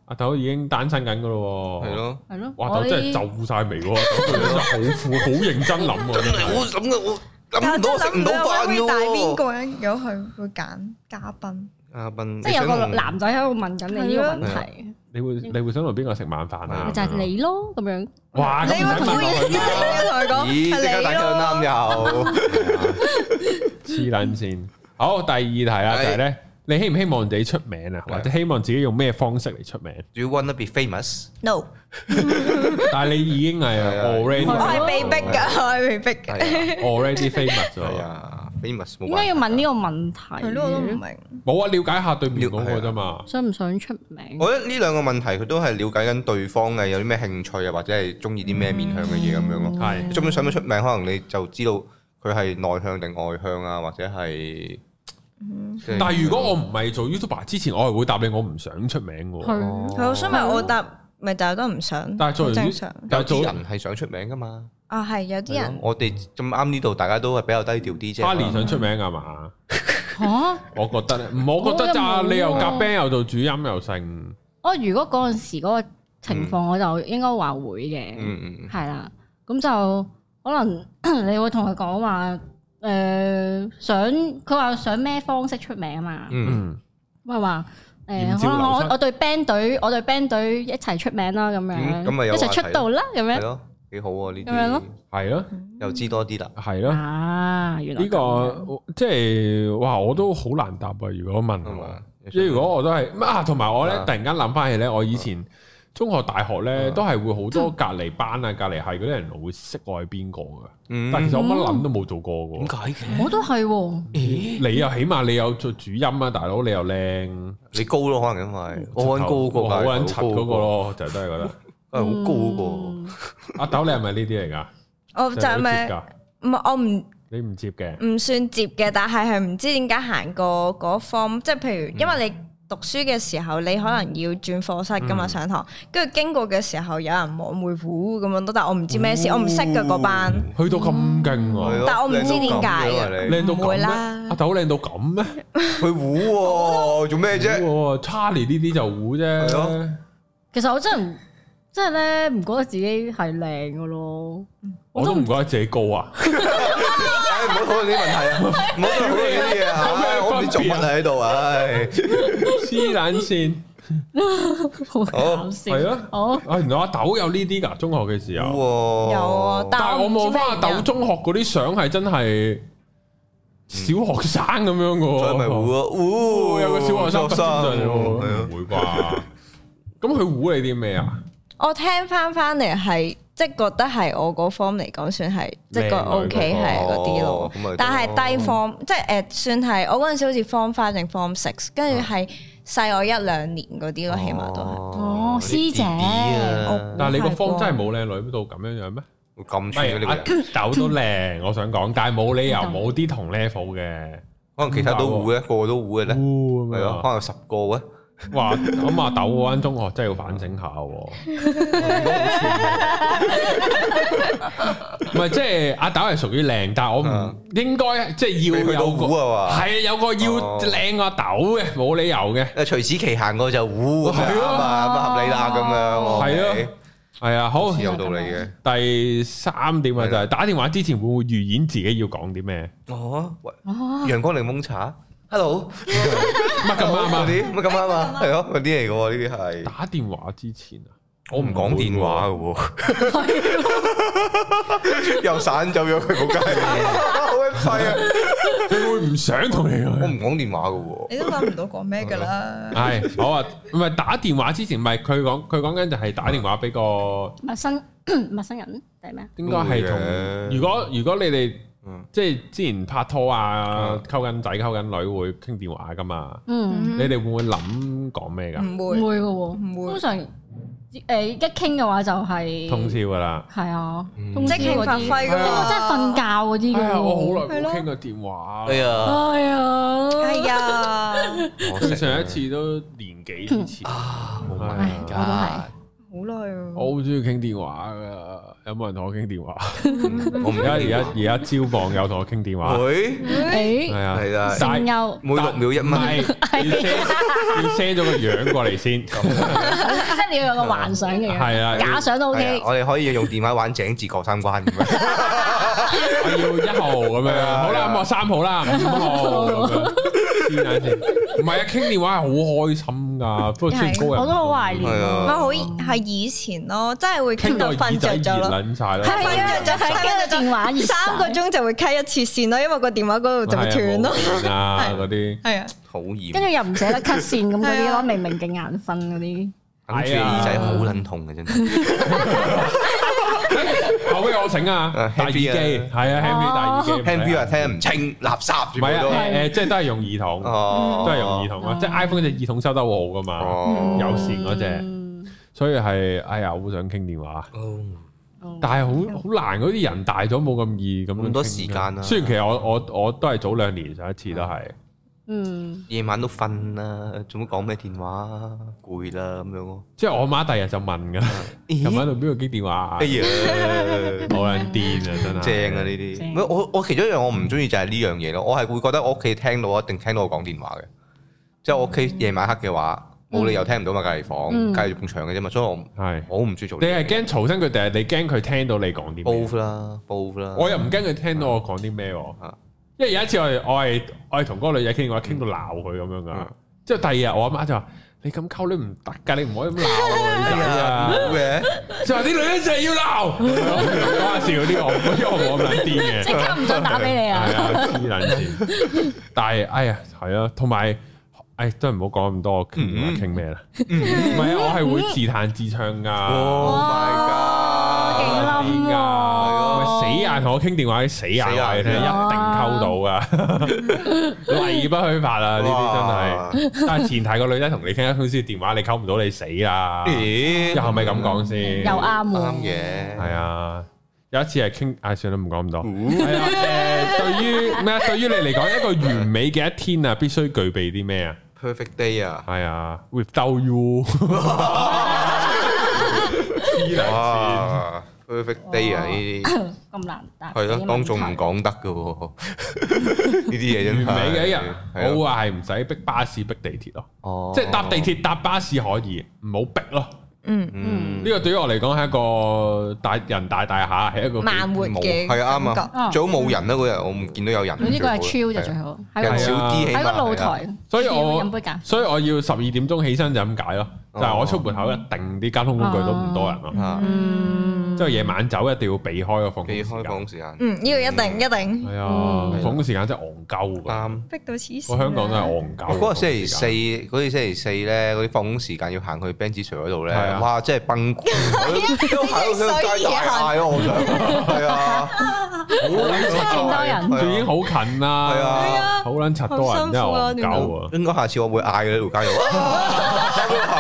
阿豆已經單身緊噶咯，係咯，係咯，哇！豆真係就曬眉喎，真係好苦，好認真諗喎。我諗嘅我諗唔到，諗唔到，我會帶邊個咧？如果佢會揀嘉賓，嘉賓，即係有個男仔喺度問緊你呢個問題，你會你會想同邊個食晚飯啊？就係你咯，咁樣，哇！你會同佢講，你會同佢講，係你咯，黐撚線。好，第二題啊，就係咧。你希唔希望自己出名啊？或者希望自己用咩方式嚟出名？Do you want to be famous? No。但係你已經係 already，我係被逼噶，我係被逼嘅。Already famous，係啊，famous。點解要問呢個問題，我都唔明。冇啊，了解下對面冇嘅啫嘛。想唔想出名？我覺得呢兩個問題佢都係了解緊對方嘅，有啲咩興趣啊，或者係中意啲咩面向嘅嘢咁樣咯。係，想唔想出名，可能你就知道佢係內向定外向啊，或者係。嗯，但係如果我唔係做 YouTuber 之前，我係會答你我唔想出名嘅，係係，所以咪我答咪，大家都唔想。但係做正常，但係做人係想出名噶嘛？啊係，有啲人。我哋咁啱呢度，大家都係比較低調啲啫。Hailee 想出名㗎嘛？我覺得唔，我覺得咋？你又夾 band 又做主音又盛。我如果嗰陣時嗰個情況，我就應該話會嘅，嗯嗯，係啦。咁就可能你會同佢講話。誒，想佢話想咩方式出名啊？嘛，咪話誒，可能我我對 band 隊，我對 band 隊一齊出名咯，咁樣，咁咪一齊出道啦，咁樣，係咯，幾好啊呢啲，咁係咯，又知多啲啦，係咯，啊，原來呢個即係哇，我都好難答啊！如果問係嘛，即係如果我都係，啊，同埋我咧，突然間諗翻起咧，我以前。中學、大學咧，都係會好多隔籬班啊、隔籬係嗰啲人，會識過係邊個噶。但其實我乜諗都冇做過噶。點解嘅？我都係。你又起碼你有做主音啊，大佬你又靚，你高咯可能因為。我搵高個，我搵插嗰個咯，就都係覺得。好高噶！阿豆你係咪呢啲嚟噶？我就係咩？唔，我唔。你唔接嘅？唔算接嘅，但係係唔知點解行過嗰方，即係譬如因為你。讀書嘅時候，你可能要轉課室噶嘛，上堂，跟住經過嘅時候，有人望會糊咁樣都，但係我唔知咩事，我唔識嘅嗰班。去到咁勁啊！但我唔知點解嘅，靚到會啦，阿豆靚到咁咩？佢糊做咩啫？Charlie 呢啲就糊啫。其實我真係唔真係咧，唔覺得自己係靚嘅咯，我都唔覺得自己高啊。唉，唔好討論呢啲問題啊！唔好討論呢啲嘢啊！我唔知雜物喺度，唉。黐冷線，好搞笑係咯，好啊！原來阿豆有呢啲噶，中學嘅時候有啊，但係我望翻阿豆中學嗰啲相，係真係小學生咁樣嘅，真咪糊咯，有個小學生不尊重係啊，唔會啩？咁佢糊你啲咩啊？我聽翻翻嚟係，即係覺得係我嗰方嚟講算係即係 OK 係嗰啲咯，但係低 form 即係誒算係我嗰陣時好似 form five 定 form six，跟住係。細我一兩年嗰啲咯，起碼都係。哦，師姐。但係你個方真係冇靚女到咁樣樣咩？咁串啊！醜都靚，我想講，但係冇理由冇啲同 level 嘅。可能其他都會咧，個個都會嘅咧，係咯？可能有十個啊。話咁阿豆間中學真係要反省下，唔係即係阿豆係屬於靚，但係我唔應該即係要有個係有個要靚阿豆嘅，冇理由嘅。阿徐子淇行過就污，咁啊嘛，啊，合理啦咁樣，係啊係啊，好有道理嘅。第三點啊就係打電話之前會唔會預演自己要講啲咩？哦，喂，陽光檸檬茶。Hello，乜咁啱啊啲，乜咁啱啊，係咯嗰啲嚟嘅喎，呢啲係。打電話之前啊，我唔講電話嘅喎，又散走咗佢好乖，好費啊！佢會唔想同你我唔講電話嘅喎，你都諗唔到講咩嘅啦。係，好啊，唔係打電話之前，唔係佢講，佢講緊就係打電話俾個陌生陌生人定係咩啊？應該係同，如果如果你哋。即係之前拍拖啊，溝緊仔溝緊女會傾電話噶嘛？嗯，你哋會唔會諗講咩噶？唔會，會嘅喎，唔會。通常，誒，一傾嘅話就係通宵噶啦。係啊，即係瞓覺嗰啲嘅？我好耐冇傾過電話。哎啊，哎啊，係啊，最上一次都年幾年前啊，好耐。我好中意傾電話噶。有冇人同我傾電話？我唔家而家而家招朋友同我傾電話。會係啊，係啊，但休，每六秒一蚊，要 s 要 send 咗個樣過嚟先，即係你要有個幻想嘅，係啊，假想都 OK。我哋可以用電話玩井字過三關，要一號咁樣。好啦，我三號啦，五號咁樣，先。唔係啊，傾電話係好開心噶，不過雖然高人，我都好懷念咯，我好係以前咯，真係會傾到瞓着咗咯，係瞓著咗，係傾到電話，三個鐘就會 cut 一次線咯，因為個電話嗰度就會斷咯，係啊，啲係啊，討厭，跟住又唔捨得 cut 線咁嗰啲咯，明明勁眼瞓嗰啲，跟住耳仔好撚痛嘅真。後屘我請啊，戴耳機，係啊，戴耳機，聽 B 啊，聽唔清，垃圾唔係啊，誒，即係都係用耳筒，都係用耳筒啊，即係 iPhone 嗰隻耳筒收得好好噶嘛，有線嗰隻，所以係哎呀，好想傾電話，但係好好難嗰啲人大咗冇咁易咁樣。咁多時間啊，雖然其實我我我都係早兩年上一次都係。嗯，夜晚都瞓啦，做乜講咩電話？攰啦咁樣咯。即係我媽第日就問噶，琴晚同邊個傾電話？哎呀，好撚癲啊，真係。正啊呢啲。我我其中一樣我唔中意就係呢樣嘢咯，我係會覺得我屋企聽到一定聽到我講電話嘅。即係我屋企夜晚黑嘅話，冇理由聽唔到嘛，隔籬房，隔住埲牆嘅啫嘛，所以我係我唔中意嘈。你係驚嘈聲佢定係你驚佢聽到你講啲咩？Both 啦，both 啦。我又唔驚佢聽到我講啲咩喎吓。因為有一次我係我係我係同嗰個女仔傾我傾到鬧佢咁樣噶，即、嗯、後第二日我阿媽就話：你咁溝女唔得噶，你唔可以咁鬧佢啊！麼就話啲女仔就係要鬧， 因為我話笑呢個呢個我唔捻癲嘅，即刻唔准打俾你啊！黐撚線，但係哎呀係啊，同埋誒真係唔好講咁多，傾咩啦？唔係啊，我係會自彈自唱噶，大家勁啊！死人同我傾電話，死人嚟聽，一定溝到噶，例不虛發啦，呢啲真係。但係前提個女仔同你傾，好似電話你溝唔到，你死啦。又係咪咁講先？又啱，啱嘅。係啊，有一次係傾，唉，算啦，唔講咁多。係啊，誒，對於咩啊？對於你嚟講，一個完美嘅一天啊，必須具備啲咩啊？Perfect day 啊，係啊 without you。兩次！Perfect day 啊，呢啲咁難答，係咯，當眾唔講得嘅喎。呢啲嘢真完美嘅一日。我話係唔使逼巴士逼地鐵咯，即係搭地鐵搭巴士可以，唔好逼咯。嗯嗯，呢個對於我嚟講係一個大人大大下，係一個慢活嘅，係啊啱啊。早冇人啦嗰日，我唔見到有人。呢個係超就最好，人少啲起碼。喺個露台，所以我飲杯所以我要十二點鐘起身就咁解咯。就係我出門口一定啲交通工具都唔多人咯，即係夜晚走一定要避開個放工時間，嗯，呢個一定一定。係啊，放工時間真係戇鳩㗎，逼到黐線。個香港都係戇鳩。嗰個星期四，嗰次星期四咧，嗰啲放工時間要行去 Benjamin 嗰度咧，哇！真係崩，都都嗌都嗌我好想嗌啊，好多人，已經好近啦，係啊，好撚柒多人，真係好搞啊。應該下次我會嗌嗰啲路加油。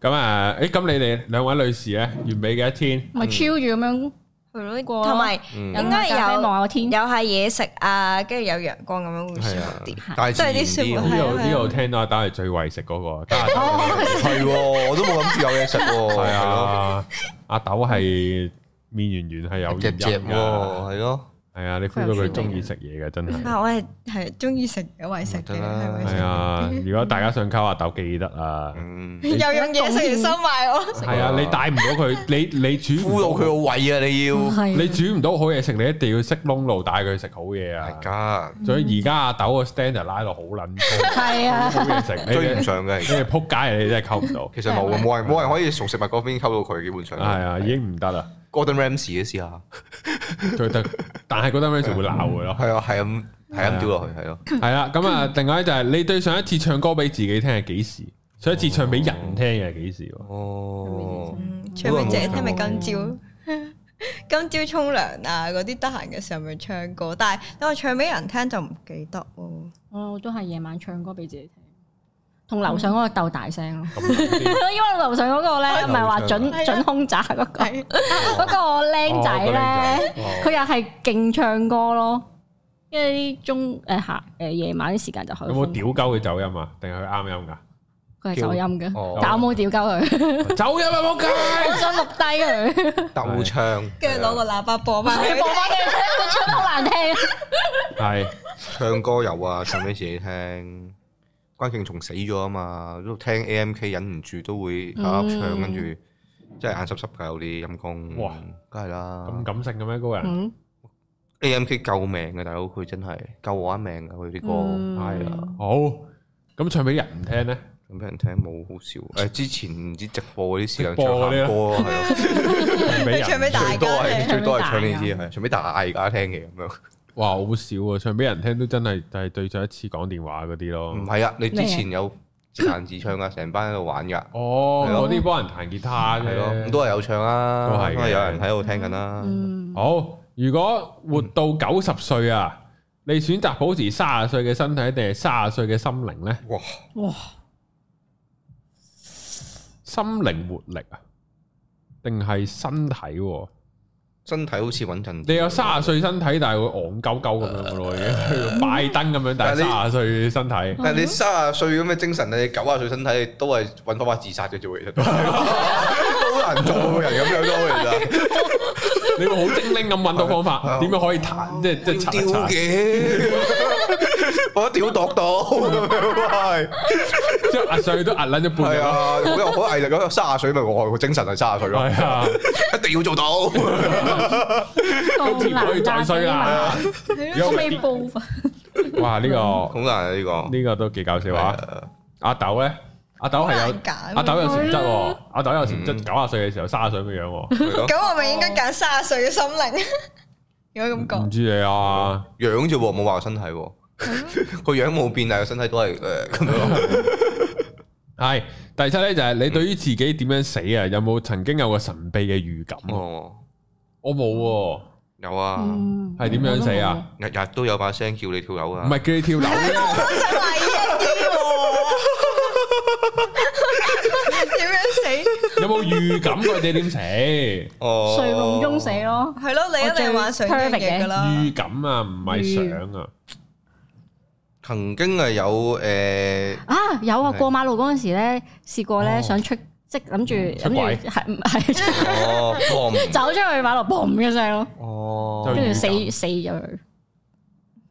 咁啊，誒，咁你哋兩位女士咧，完美嘅一天，咪超住咁樣去嗰個，同埋應該有望下個天，有下嘢食啊，跟住有陽光咁樣，係啊，即係啲笑話，呢度呢度聽到啊，阿豆係最為食嗰個，係，我都冇諗住有嘢食，係啊，阿豆係面圓圓係有夾夾噶，係咯。係啊，你估到佢中意食嘢嘅，真係。啊，我係係中意食為食嘅，係咪先？係啊，如果大家想溝阿豆記得啊，又用嘢食收埋我。係啊，你帶唔到佢，你你煮，輔到佢個胃啊，你要，你煮唔到好嘢食，你一定要識窿路帶佢食好嘢啊。係噶，所以而家阿豆個 standard 拉到好撚粗，係啊，好嘢食追唔上嘅，因為撲街你真係溝唔到。其實冇冇人冇人可以從食物嗰邊溝到佢基本上。係啊，已經唔得啦。Gordon Ramsay 試一試下，但係 Gordon Ramsay 會鬧嘅咯，係啊，係咁，係咁丟落去，係咯，係啦。咁啊，另外就係你對上一次唱歌俾自己聽係幾時？上一次唱俾人聽嘅係幾時？哦，唱俾自己聽咪今朝，今朝沖涼啊！嗰啲得閒嘅時候咪唱歌，但係因為唱俾人聽就唔記得咯。我都係夜晚唱歌俾自己聽。同樓上嗰個鬥大聲咯，因為樓上嗰個咧唔係話準準空宅，嗰個僆仔咧佢又係勁唱歌咯，因為啲中誒下誒夜晚啲時間就去。有冇屌鳩佢走音啊？定係佢啱音㗎？佢係走音嘅，但我冇屌鳩佢走音啊！我唔想錄低佢鬥唱，跟住攞個喇叭播翻，播翻佢，佢唱得好難聽。係唱歌有啊，唱俾自己聽。關敬從死咗啊嘛，都聽 AMK 忍唔住都會啱唱，跟住真係眼濕濕噶有啲陰功。哇，梗係啦，咁感性嘅咩個人？AMK 救命嘅大佬，佢真係救我一命嘅佢啲歌，係啊。好，咁唱俾人聽咧？唱俾人聽冇好笑。誒，之前唔知直播嗰啲時間唱下歌咯，係咯。唱俾大家，最多係最多係唱呢啲，係唱俾大家聽嘅咁樣。哇！好少啊，唱俾人聽都真係，但、就、係、是、對上一次講電話嗰啲咯。唔係啊，你之前有彈自唱噶，成班喺度玩噶。哦，嗰啲幫人彈吉他，係咯，都係有唱啊，都係有人喺度聽緊、啊、啦。嗯、好，如果活到九十歲啊，嗯、你選擇保持三十歲嘅身體，定係三十歲嘅心靈呢？哇哇，哇心靈活力啊，定係身體、啊？身體好似穩陣，你有卅歲身體，但係會戇鳩鳩咁樣咯，拜登咁樣，但係卅歲身體，但係你卅歲咁嘅精神，你九啊歲身體都係揾到方法自殺嘅啫，其實都好難做人咁樣咯，其實你話好精靈咁揾到方法，點樣可以彈，即係即係殘嘅。我一屌，度到，即係阿 s 都壓捻一半係啊！好有好毅力咁，卅歲咪我個精神係卅歲咯，一定要做到，可以再衰啊！有咩報啊？哇，呢個好難啊，呢個呢個都幾搞笑啊！阿豆咧，阿豆係有阿豆有潛質，阿豆有潛質，九啊歲嘅時候卅歲嘅樣，咁我咪應該揀卅歲嘅心靈？如果咁講，唔知你啊樣啫，冇話身體。個樣冇變，但係個身體都係誒咁樣。係第七咧，就係你對於自己點樣死啊？有冇曾經有個神秘嘅預感？哦，我冇，有啊。係點樣死啊？日日都有把聲叫你跳樓啊？唔係叫你跳樓，我想嚟一啲。點樣死？有冇預感佢點點死？哦，睡夢中死咯，係咯？你一定話睡夢中嘅預感啊，唔係想啊。曾經係有，誒啊有啊，過馬路嗰陣時咧，試過咧，想出，即諗住，諗住係係走出去馬路，砰一聲咯。哦，跟住死，死咗佢。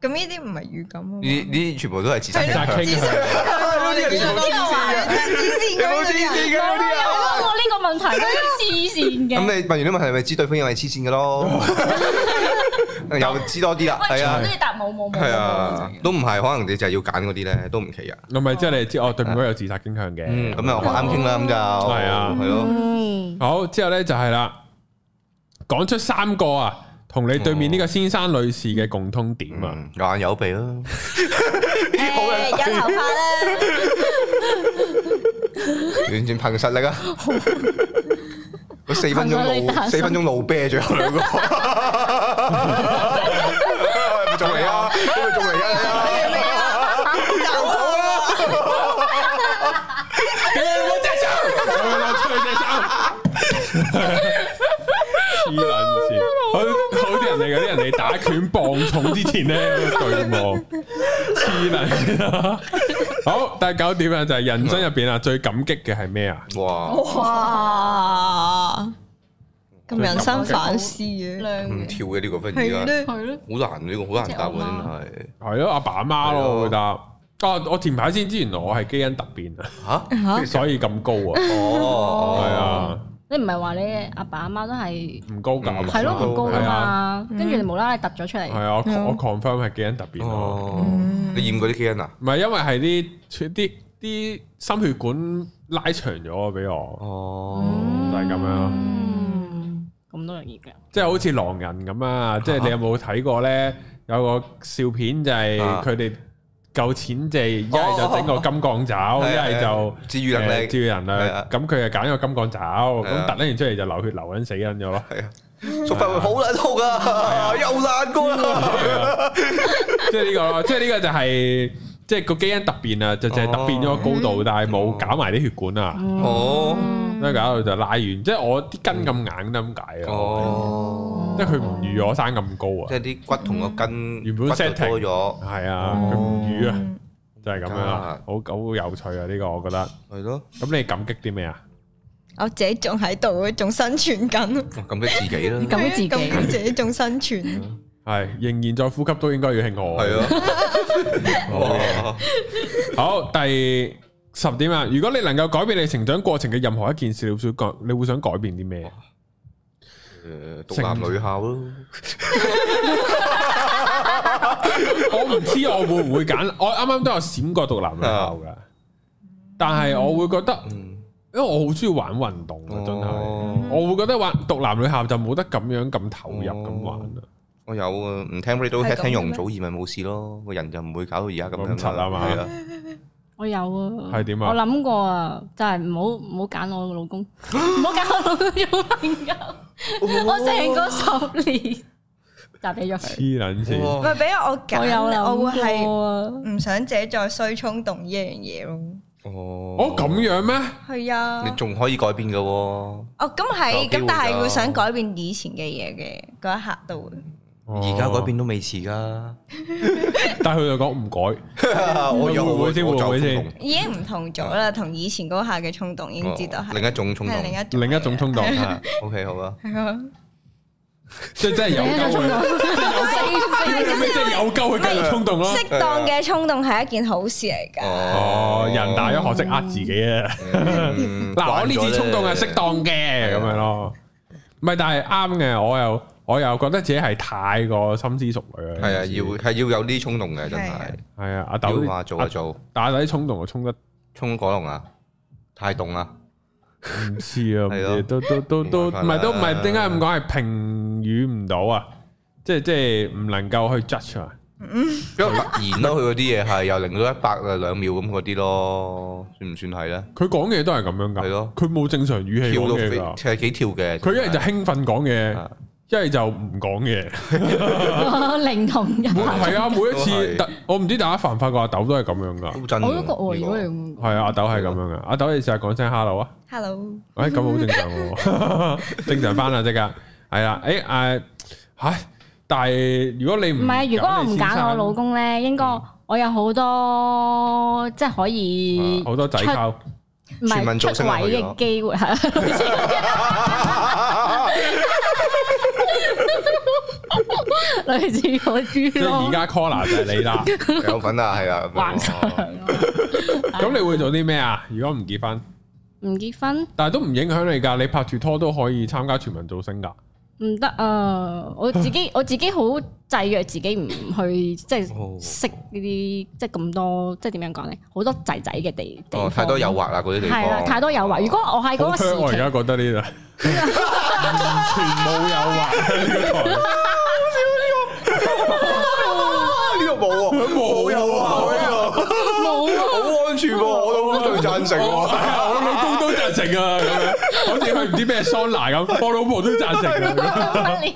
咁呢啲唔係預感啊，呢呢全部都係自殺，呢個問題都黐線嘅。咁你問完啲問題咪知對方又係黐線嘅咯又知多啲啦，係啊，都冇冇係啊，都唔係，可能你就係要揀嗰啲咧，都唔奇啊。咁咪即係你知我對唔好有自殺傾向嘅，咁啊、嗯，啱傾啦，咁就係啊，係咯，好之後咧就係、是、啦，講出三個啊，同你對面呢個先生女士嘅共通點啊、嗯，有眼有鼻啦 欸，有頭髮啦，完全憑實力啊！ 四分鐘路，四分鐘路啤，最後兩個，仲 嚟 啊！仲 嚟啊！我再上，我再上，我再上。 拳磅重之前咧，對望黐嚟啦。啊、 好，第九點啊，就係、是、人生入邊啊，最感激嘅係咩啊？哇哇，咁人生反思嘅，唔跳嘅呢個分而家係咯，好難呢、這個好難答嘅真係。係咯，阿爸阿媽咯會答。的啊，我前排先，知原來我係基因突變啊，吓 錢，所以咁高啊。哦，係啊、 哦。你唔係話你阿爸阿媽都係唔高㗎，係咯唔高㗎嘛，跟住你無啦啦揼咗出嚟。係啊，我我 confirm 係基因特別咯。你驗過啲基因啊？唔係因為係啲啲啲心血管拉長咗俾我，哦，就係咁樣。嗯，咁都容易嘅。即係好似狼人咁啊！即係你有冇睇過咧？有個笑片就係佢哋。夠錢地，一係就整個金鋼爪，一係就治愈能力，治愈能力。咁佢就揀咗個金鋼爪，咁突一年出嚟就流血流緊死緊咗咯，係啊，仲快活好難哭啊，又爛過啊。即係呢個，即係呢個就係，即係個基因突變啊，就淨係突變咗個高度，但係冇搞埋啲血管啊。哦，咩搞就拉完，即係我啲筋咁硬都咁解啊。哦。即係佢唔預我生咁高啊！即係啲骨同個根，原本 set 多咗，係啊，咁魚啊，就係咁樣啦，好好有趣啊！呢個我覺得係咯。咁你感激啲咩啊？我自己仲喺度，仲生存緊，感激自己啦，感激自己仲生存。係，仍然在呼吸都應該要慶賀。係咯，好，第十點啊！如果你能夠改變你成長過程嘅任何一件事，你會想改？你會想改變啲咩？誒，讀男女校咯，我唔知我會唔會揀，我啱啱都有閃過讀男女校噶，嗎但係我會覺得，嗯、因為我好中意玩運動啊，真係，哦、我會覺得玩讀男女校就冇得咁樣咁投入咁玩啦、哦。我有啊，唔聽 Radiohead，聽容祖兒咪冇事咯，個人就唔會搞到而家咁樣。我有啊，係點啊？我諗過啊，就係唔好唔好揀我嘅老公，唔好揀我老公做朋友，我成個十年就俾咗佢黐捻住，唔係俾我揀，我會係唔想自己再衰衝動依樣嘢咯。哦，哦咁樣咩？係啊，你仲可以改變噶喎。哦，咁係，咁但係會想改變以前嘅嘢嘅嗰一刻都會。而家改變都未遲噶，但係佢就講唔改，我有啲會唔會先？已經唔同咗啦，同以前嗰下嘅衝動已經知道係另一種衝動，另一種衝動。O K，好啊，係啊，所以真係有夠，即係真係有夠去繼續衝動咯。適當嘅衝動係一件好事嚟噶。哦，人大咗學識呃自己啊，嗱我呢次衝動係適當嘅咁樣咯，唔係但係啱嘅，我又。我又覺得自己係太過深思熟慮啦，係啊，要係要有啲衝動嘅，真係係啊，阿豆話做就做，但係啲衝動啊，衝得衝過龍啊，太凍啦！係啊，都都都都唔係都唔係，點解咁講係評語唔到啊？即係即係唔能夠去 judge 啊！咁言咯，佢嗰啲嘢係由零到一百兩秒咁嗰啲咯，算唔算係咧？佢講嘢都係咁樣噶，係咯，佢冇正常語氣講嘢噶，其實幾跳嘅，佢一係就興奮講嘢。即係就唔講嘢，零同人係啊！每一次，我唔知大家發唔發覺阿豆都係咁樣噶，我都覺喎，如果係，係啊，阿豆係咁樣噶，阿豆你試下講聲 hello 啊，hello，喂，咁好正常喎，正常翻啦，即刻，係啦，誒，嚇，但係如果你唔，唔係，如果我唔揀我老公咧，應該我有好多即係可以好多仔教全民造星嘅機會係。 類似我知，即係而家 caller 就係你啦， 你有份啊，係啊，幻想、啊。咁 你會做啲咩啊？如果唔結婚，唔結婚，但係都唔影響你噶，你拍脱拖都可以參加全民造星噶。唔得啊！我自己我自己好制約自己唔去，即係識呢啲，即係咁多，即係點樣講咧？好多仔仔嘅地哦，太多誘惑啦嗰啲地方。係啦，太多誘惑。如果我喺嗰個時期，我而家覺得呢、這、度、個、 完全冇誘惑。呢、 這個，呢度冇啊，冇誘惑呢度，好 安全喎，我都好認同，好。 食啊，咁樣好似去唔知咩桑拿咁，我老婆都贊成啊！呢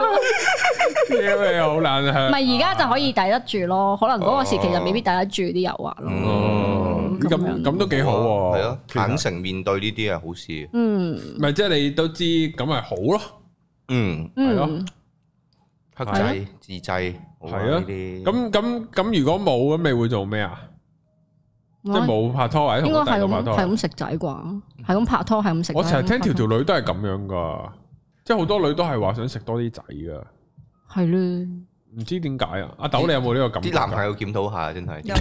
樣嘢好難啊，唔係而家就可以抵得住咯，可能嗰個時期就未必抵得住啲誘惑咯。嗯，咁樣咁都幾好，係咯，坦誠面對呢啲係好事。嗯，咪即係你都知，咁係好咯。嗯，係咯，克制自制，係啊。咁咁咁，如果冇咁，你會做咩啊？即係冇拍拖啊，應該係咁，係咁食仔啩，係咁拍拖，係咁食。我成日聽條條女都係咁樣噶，即係好多女都係話想食多啲仔噶。係囉，唔知點解啊？阿豆，你有冇呢個感覺？啲男朋友檢討下，真係。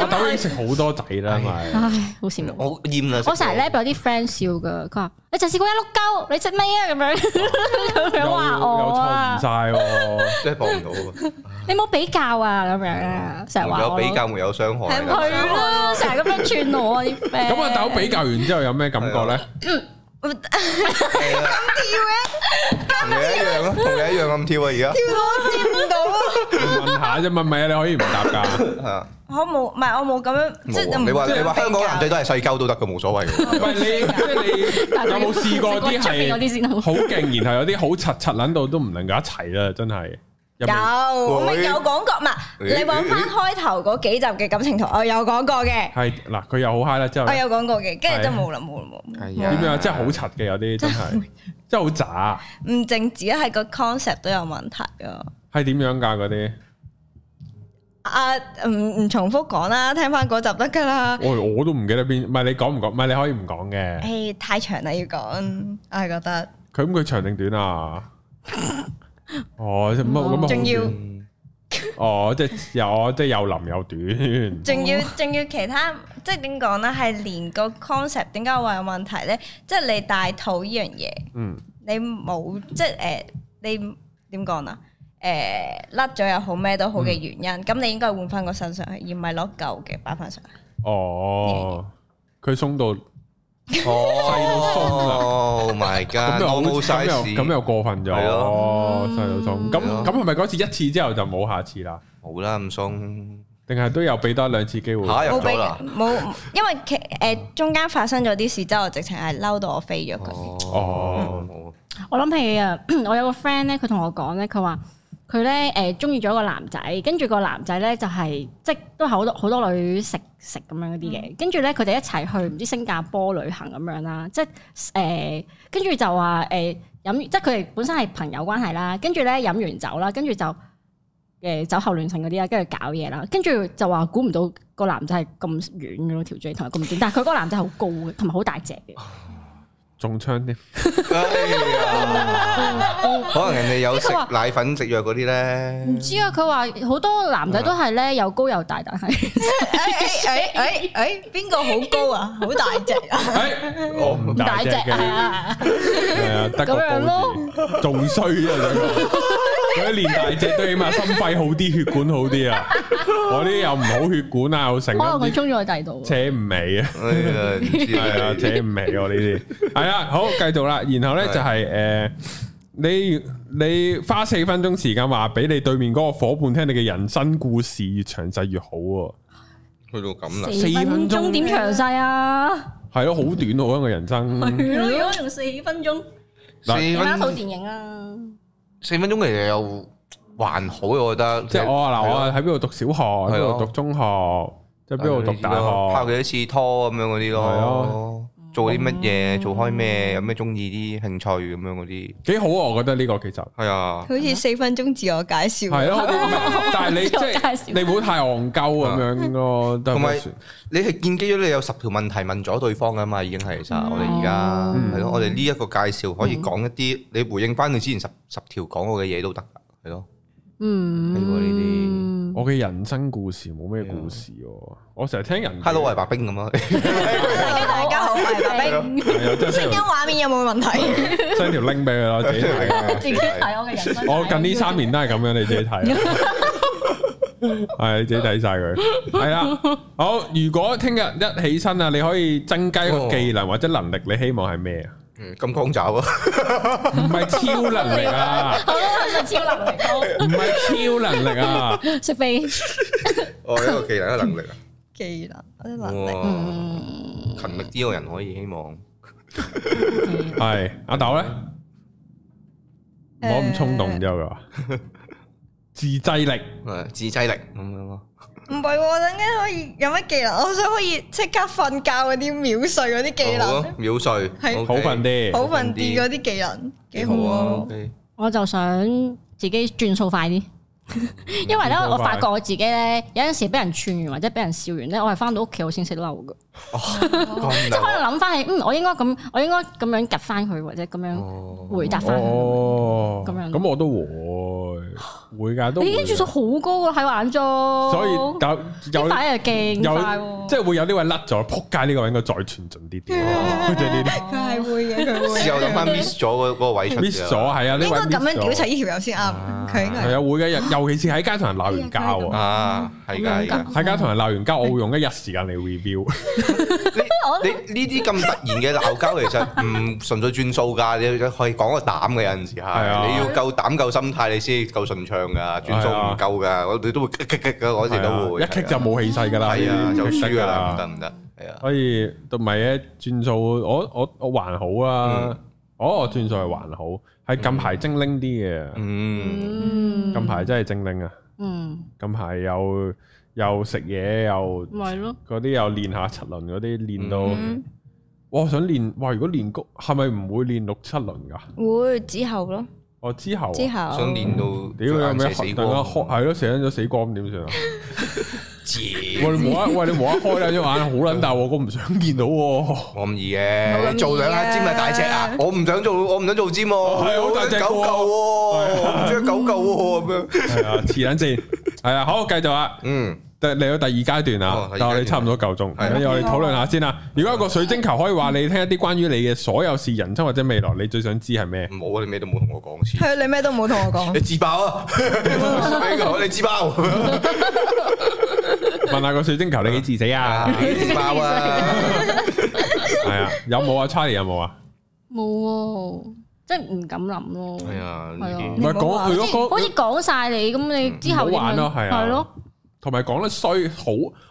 阿豆已經食好多仔啦。唉，好羨慕，我厭我成日咧俾啲 friend 笑噶，佢話你就試過一碌鳩，你食咩啊？咁樣咁樣話我啊，錯唔晒喎，真係博唔到。你冇比較啊，咁樣成日話有比較會有傷害。係啦，成日咁樣串我啲 friend。咁阿豆比較完之後有咩感覺咧？唔敢跳啊！同你一樣咯，同你一樣咁跳啊！而家跳到接唔到啊！問下啫，問咪啊？你可以唔答㗎？我冇，唔係我冇咁樣。即係你話你話香港男仔都係細鳩都得嘅，冇所謂嘅。唔係你，有冇試過啲係好勁，然後有啲好柒柒撚到都唔能夠一齊啦，真係。有咁啊，有講過，唔係你望翻開頭嗰幾集嘅感情圖，我有講過嘅。係嗱，佢又好嗨啦之後。我有講過嘅，跟住就冇啦，冇啦，冇。係啊。點樣啊？真係好柒嘅有啲真係，真係好渣。唔淨止係個 concept 都有問題咯。係點樣噶嗰啲？啊，唔唔重複講啦，聽翻嗰集得噶啦。我我都唔記得邊，唔係你講唔講，唔係你可以唔講嘅。誒，太長啦要講，我係覺得。佢咁佢長定短啊？哦，仲要，哦， 即係有，即係又腍又短要，仲要仲要其他，即係點講咧？係連個 concept，點解我話有問題咧？即係你大肚呢樣嘢，嗯你、呃，你冇即係誒，你點講啦？誒、呃，甩咗又好，咩都好嘅原因，咁、嗯、你應該換翻個身上去，而唔係攞舊嘅擺翻上去。哦，佢送 Yeah. 到。哦，細到松啊！Oh my god，咁又咁過分咗，哦，咯，細到了、哦、松咁咁係咪嗰次一次之後就冇下次啦？冇啦，咁松，定係都有俾多兩次機會吓？又冇俾啦，冇，因為其誒、呃、中間發生咗啲事之後，我直情係嬲到我飛咗佢。哦，我諗係啊，我有個 friend 咧，佢同我講咧，佢話。佢咧誒中意咗個男仔，跟住個男仔咧就係、是、即都係好多好多女食食咁樣啲嘅，跟住咧佢哋一齊去唔知新加坡旅行咁樣啦，即誒跟住就話誒、呃、飲即佢哋本身係朋友關係啦，跟住咧飲完酒啦，跟住就誒酒、欸、後亂性嗰啲啦，跟住搞嘢啦，跟住就話估唔到個男仔係咁軟嘅咯，條嘴同埋咁短， 但係佢嗰個男仔好高嘅，同埋好大隻嘅。中槍啲，哎、 可能人哋有食奶粉食說藥嗰啲咧。唔知啊，佢話好多男仔都係咧，又高又大，但係、 哎，哎哎哎哎哎，邊個好高啊？好大隻啊？哎、我唔大隻，大隻啊，係 啊，得咁樣咯，仲衰啊！兩個我一年大隻都起碼心肺好啲，血管好啲啊！我啲又唔好血管我啊，又成、哎。可能佢中咗個大度。扯唔美啊！係啊，扯唔美我呢啲。係啦，好繼續啦。然後咧的就係、是、誒、呃，你你花四分鐘時間話俾你對面嗰個伙伴聽你嘅人生故事，越詳細越好。啊。去到咁啦，四分鐘點詳細啊？係咯， 好短咯、啊，我、這、嘅、個、人生。係咯，用四分鐘。嗱分，睇一套電影啊。四分鐘其實又還好，我覺得。即係我話嗱，對我喺邊度讀小學，喺邊度讀中學，即係邊度讀大學，拍幾次拖咁樣嗰啲咯。對對做啲乜嘢？做開咩？有咩中意啲興趣咁樣嗰啲？幾好啊！我覺得呢個其實係啊，嗎好似四分鐘自我介紹。係咯，但係你即係你唔好太戇鳩啊咁樣咯。同埋你係建基咗，你，你有十條問題問咗對方噶嘛？已經係其實、嗯啊？我哋而家係咯，我哋呢一個介紹可以講一啲，嗯、你回應翻你之前十十條講過嘅嘢都得，係咯、啊。嗯，呢啲我嘅人生故事冇咩故事，我成日聽人，Hello，我係白兵咁咯。大家好，我係白兵。聲音畫面有冇問題？send 條 link 俾佢咯，自己睇咯。自己睇我嘅人生。我近呢三年都係咁樣，你自己睇。係你自己睇晒佢。係啦，好。如果聽日一起身啊，你可以增加一個技能或者能力，你希望係咩啊？嗯，金光爪啊，唔係超能力啊，唔係超能力，唔係超能力啊，識飛，我係一個技能一個能力啊，技能，我啲能力，嗯、勤力啲個人可以希望係、嗯，阿豆咧，唔好咁衝動，知道嘛？自制力，自制力咁樣咯。嗯嗯唔係喎，等陣間可以有乜技能？我想可以即刻瞓覺嗰啲，秒睡嗰啲技能，秒睡、哦，好瞓啲，是好瞓啲嗰啲技能，幾好啊！好，我就想自己轉數快啲。因為咧，我發覺我自己咧，有陣時俾人串完或者俾人笑完咧，我係翻到屋企我先識嬲噶，即係可能諗翻起，嗯，我應該咁，我應該咁樣夾翻佢或者咁樣回答翻，咁樣。咁我都會，會噶都。已經轉數好高喺眼中，所以又快又勁快，即係會有啲位甩咗，撲街呢個應該再串準啲啲，佢係會，之後諗翻 miss 咗嗰嗰個位，miss 咗係啊，應該咁樣屌齊呢條友先啱，佢係啊會噶日日。尤其是喺街同人鬧完交啊，係噶係噶，喺街同人鬧完交，我會用一日時間嚟 review。你你呢啲咁突然嘅鬧交，其實唔純粹轉數噶，你可以講個膽嘅有陣時吓，你要夠膽夠心態，你先夠順暢噶，轉數唔夠噶，我哋都會激激激噶，嗰時都會一激就冇氣勢噶啦，係啊，就輸噶啦，唔得唔得？係啊，所以同埋，轉數我我我還好啊。哦，我轉數係還好，係近排精靈啲嘅。嗯，近排真係精靈啊。嗯，近排又又食嘢又，係咯，嗰啲又練下七輪嗰啲，練到，我想練，哇！如果練谷係咪唔會練六七輪噶？會之後咯。哦，之後。之後。想練到屌樣有咩？等下學係咯，死咗死光點算啊？喂，胡一，喂，你胡一開兩眼，好撚大，我唔想見到，我唔易嘅，你做兩下尖咪大隻啊！我唔想做，我唔想做尖，係好大隻狗狗，仲要狗狗咁樣，係啊，遲啲先，係啊，好，繼續啊，嗯，嚟到第二階段啦，但係我哋差唔多夠鐘，所以我哋討論下先啦。如果一個水晶球可以話你聽一啲關於你嘅所有事、人生或者未來，你最想知係咩？冇啊，你咩都冇同我講先，係啊，你咩都冇同我講，你自爆啊，你自爆。問下個水晶球你幾時死啊？幾時爆啊？係啊，有冇啊 Charlie 有冇啊？冇，即係唔敢諗咯。係啊，係啊，唔係講佢都好似講晒你咁，你之後玩咯，係啊，係咯，同埋講得衰，好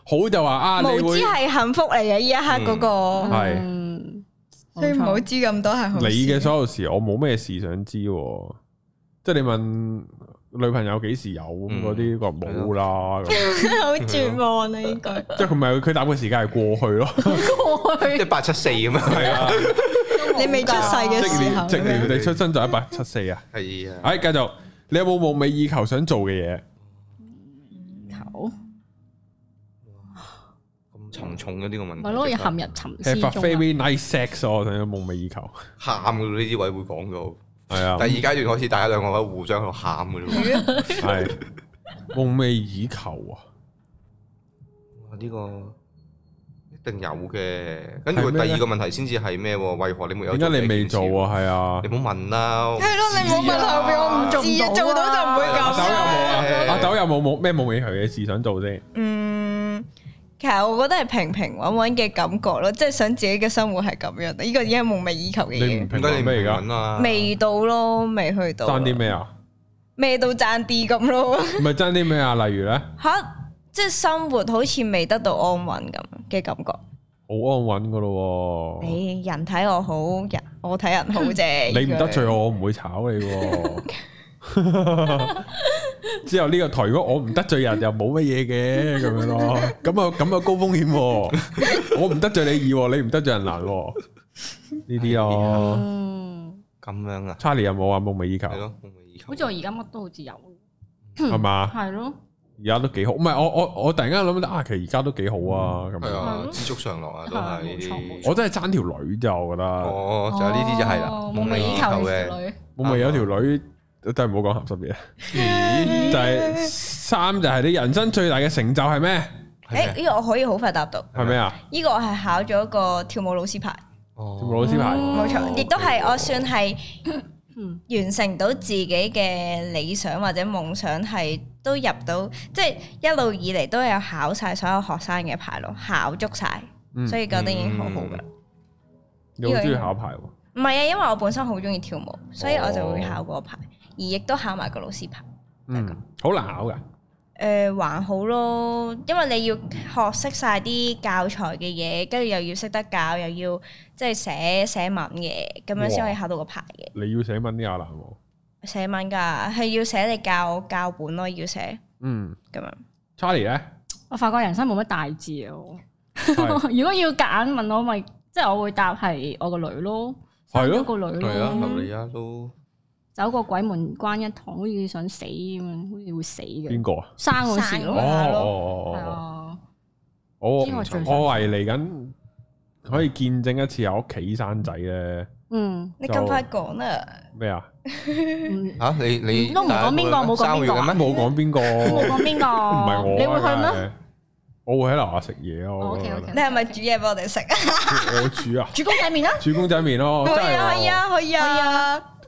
好就話啊，無知係幸福嚟嘅，呢一刻嗰個係，所以唔好知咁多係。你嘅所有事，我冇咩事想知，即係你問。女朋友幾時有咁嗰啲話冇啦，好絕望啊！應該即係佢咪佢答嘅時間係過去咯，過去即係八七四咁啊，係啊，你未出世嘅時候，直連直連你出生就八七四啊，係啊，哎繼續，你有冇夢寐以求想做嘅嘢？求咁沉重嘅呢個問題，係咯，要陷入沉思。係發菲菲 nice sex 啊！我想夢寐以求，喊到呢啲位會講到。係啊，第二階段開始大家兩個咧互相去喊嘅啫，係夢寐以求啊、哦！呢、這個一定有嘅。跟住第二個問題先至係咩？為何你沒有？因你未做啊，係 啊，啊你冇好問啦。係咯，你冇好問後邊，我唔做，做到就唔會咁、啊。阿豆又冇，阿豆又冇冇咩夢寐以求嘅事想做先。 其實我覺得係平平穩穩嘅感覺咯，即係想自己嘅生活係咁樣，呢個已經係夢寐以求嘅嘢。你平得你咩而家？味道、啊、咯，未去到。爭啲咩啊？味道爭啲咁咯。咪爭啲咩啊？例如咧吓，即係生活好似未得到安穩咁嘅感覺。好安穩噶咯，你人睇我好，人我睇人好啫。 你唔得罪我，我唔會炒你、哦。 之後呢個台，如果我唔得罪人又冇乜嘢嘅咁樣咯，咁啊咁啊高風險，我唔得罪你二，你唔得罪人難，呢啲咯。咁樣啊 Charlie 有冇啊？夢寐以求咯，夢寐以求。好似我而家乜都好似有，係嘛？係咯，而家都幾好。唔係我我我突然間諗到啊其實而家都幾好啊，咁樣，知足常樂啊，都係。我真係爭條女就我覺得，哦，仲有呢啲就係啦，夢寐以求嘅女，夢寐有條女。都係唔好講鹹濕嘢。第三就係你人生最大嘅成就係咩？誒，呢個我可以好快答到。係咩啊？呢個我係考咗一個跳舞老師牌。哦，跳舞老師牌，冇錯，亦都係我算係完成到自己嘅理想或者夢想，係都入到，即係一路以嚟都有考晒所有學生嘅牌咯，考足晒，所以覺得已經好好嘅。你好中意考牌？唔係啊，因為我本身好中意跳舞，所以我就會考嗰個牌。而亦都考埋個老師牌，嗯，好難考噶。誒，還好咯，因為你要學識晒啲教材嘅嘢，跟住又要識得教，又要即係寫寫文嘅，咁樣先可以考到個牌嘅。你要寫文啲啊啦，係冇寫文㗎，係要寫你教教本咯，要寫。嗯，咁樣。Charlie 咧，我發覺人生冇乜大志哦。如果要夾硬問我咪，即係我會答係我個女咯，係咯，個女咯，係啊，立你啊都。走個鬼門關一趟，好似想死咁樣，好似會死嘅。邊個啊？生嗰時咯，係啊。哦，我我係嚟緊，可以見證一次喺屋企生仔咧。嗯，你咁快講啦？咩啊？吓，你你都唔講邊個，冇講邊個，冇講邊個，冇講邊個，唔係我，你會去咩？我會喺樓下食嘢咯。你係咪煮嘢俾我哋食啊？我煮啊！煮公仔麵啦！煮公仔麵咯，可以啊，可以啊，可以啊！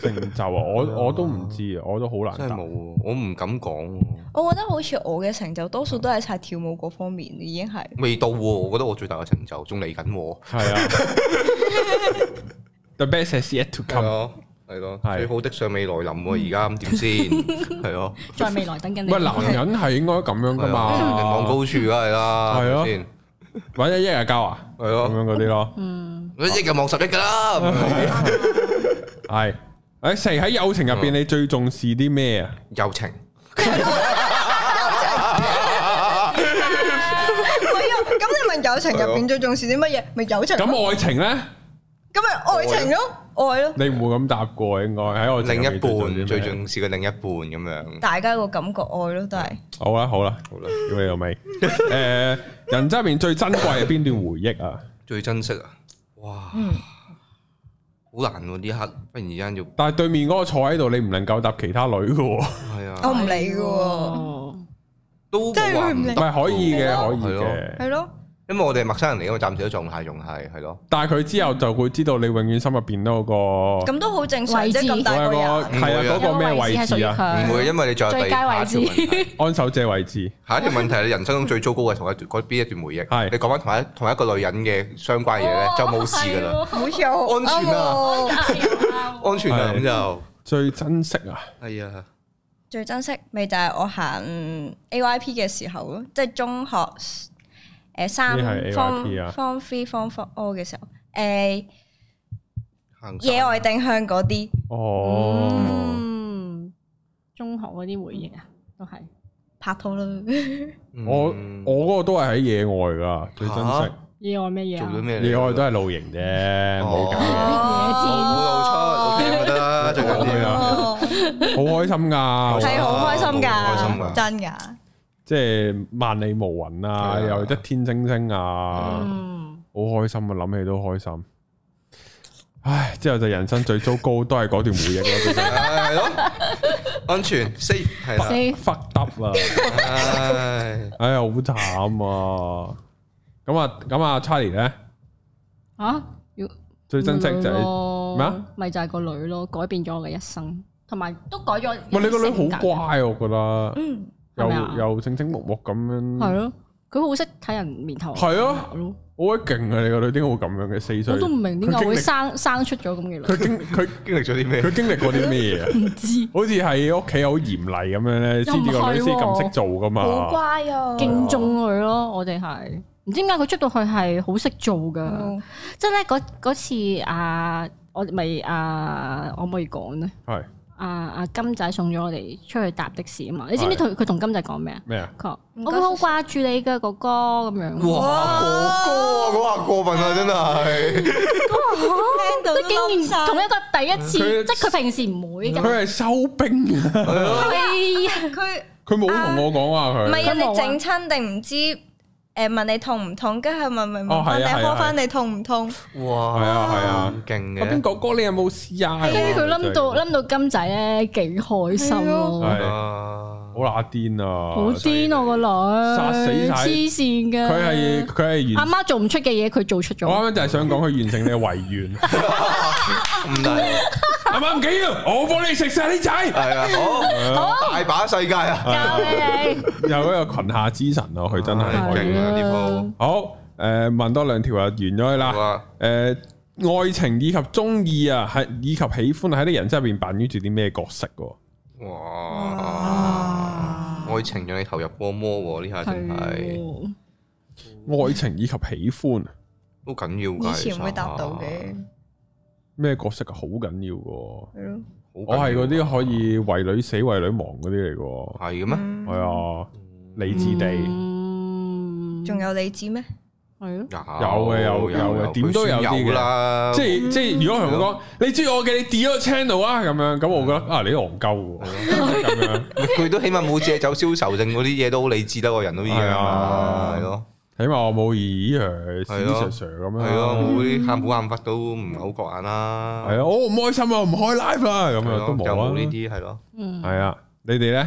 成就啊！我我都唔知啊，我都好難，真係冇，我唔敢講。我覺得好似我嘅成就，多數都係喺跳舞嗰方面，已經係未到。我覺得我最大嘅成就仲嚟緊，係啊。The best is yet to come，係咯，最好的尚未來臨。而家咁點先？係咯，在未來等緊。喂，男人係應該咁樣噶嘛？望高處噶係啦，係咪先？或者一日交啊？係咯，咁樣嗰啲咯。嗯，一億就望十億噶啦。係，誒，成日喺友情入邊，你最重視啲咩啊？友情，咁你問友情入邊最重視啲乜嘢？咪友情。咁愛情咧？咁咪愛情咯，愛咯。你唔會咁答過，應該喺愛另一半最重視嘅另一半咁樣。大家個感覺，愛咯都係。好啦，好啦，好啦，咁你又咪？誒，人生入邊最珍貴係邊段回憶啊？最珍惜啊！哇。好難喎，呢刻忽然之間就，但係對面嗰個坐喺度，你唔能夠搭其他女㗎喎。係啊，我唔理㗎喎，啊、都即係唔係可以嘅，可以嘅，係咯。因為我哋陌生人嚟，因為暫時嘅狀態仲係係咯。但係佢之後就會知道你永遠心入邊都個咁都好正常，即咁大個人，係啊，嗰個咩位置啊？唔會，因為你仲有最佳位置、安守者位置。下一條問題，你人生中最糟糕嘅同阿嗰邊一段回憶。係你講翻同一同一個女人嘅相關嘢咧，就冇事噶啦，冇錯，安全啊，安全啊，咁就最珍惜啊，係啊，最珍惜咪就係我行 AYP 嘅時候咯，即係中學。誒三方方 three 方 four 嘅時候，誒野外定向嗰啲，哦，嗯，中學嗰啲回憶啊，都係拍拖啦。我我嗰個都係喺野外㗎，最真實。野外咩嘢？做咗咩嘢？野外都係露營啫，冇搞嘢。野戰冇露出，露點得啦，仲有啲啊，好開心㗎，係好開心㗎，真㗎。即係萬里無雲啊，又一天星星啊，好開心啊！諗起都開心。唉，之後就人生最糟糕都係嗰段回憶咯，係咯。安全，safe 係 safe，fuck up 啊！唉，哎呀，好慘啊！咁啊，咁啊，Charlie 咧，啊，要最珍惜就係咩啊？咪就係個女咯，改變咗我嘅一生，同埋都改咗。唔係你個女好乖，我覺得。嗯。又又正正木木咁樣，係咯，佢好識睇人面頭，係咯，好鬼勁啊！你個女點解會咁樣嘅？四歲我都唔明點解會生生出咗咁嘅女。佢經佢經歷咗啲咩？佢經歷過啲咩嘢啊？唔知，好似喺屋企好嚴厲咁樣咧，先呢個女先咁識做噶嘛，好乖啊，敬重佢咯。我哋係唔知點解佢出到去係好識做噶，即係咧嗰次啊，我咪啊，可唔可以講咧？係。啊啊金仔送咗我哋出去搭的士啊嘛，你知唔知佢佢同金仔講咩啊？咩啊？佢話我會好掛住你嘅哥哥咁樣。哇！哥哥啊，佢話過分啊，真係。吓！佢竟然同一個第一次，即係佢平時唔會。佢係收兵。係啊，佢。佢冇同我講話佢。唔係啊，你整親定唔知？誒，問你痛唔痛？跟住問問問你開翻你痛唔痛？哇，係啊係啊，勁嘅、啊！我邊哇、啊、哥哥你有冇事啊？跟住佢冧到冧到金仔咧，幾開心咯、啊！好乸癲啊！好癲我個女，殺死晒黐線嘅。佢係佢係阿媽做唔出嘅嘢，佢做出咗。我啱啱就係想講佢完成你嘅遺願。唔係，阿媽唔緊要，我幫你食晒啲仔。係啊，好大把世界啊！又一個群下之神咯，佢真係勁啊！呢好誒，問多兩條啊，完咗啦。誒，愛情以及中意啊，係以及喜歡喺啲人生入邊扮演住啲咩角色？哇！愛情讓你投入過魔，哦，呢下真係愛情以及喜歡都緊要嘅，以前會達到嘅咩角色啊，好緊要嘅，咯我係嗰啲可以為女死為女亡嗰啲嚟嘅，係嘅咩？係、嗯、啊，理智地，仲、嗯、有理智咩？係咯，有嘅有有嘅，點都有啲嘅，即係即係。如果同佢講，你知我嘅你 deal 個 channel 啊，咁樣咁，我覺得啊，你都戇鳩嘅，咁樣佢都起碼冇借酒消愁嗰啲嘢，都好理智得個人都依家係咯，起碼我冇異議，係咯，咁樣係咯，我啲喊苦喊忽都唔好覺眼啦，係啊，我唔開心啊，我唔開 live 啦，咁樣都冇呢啲係咯，係啊，你哋咧？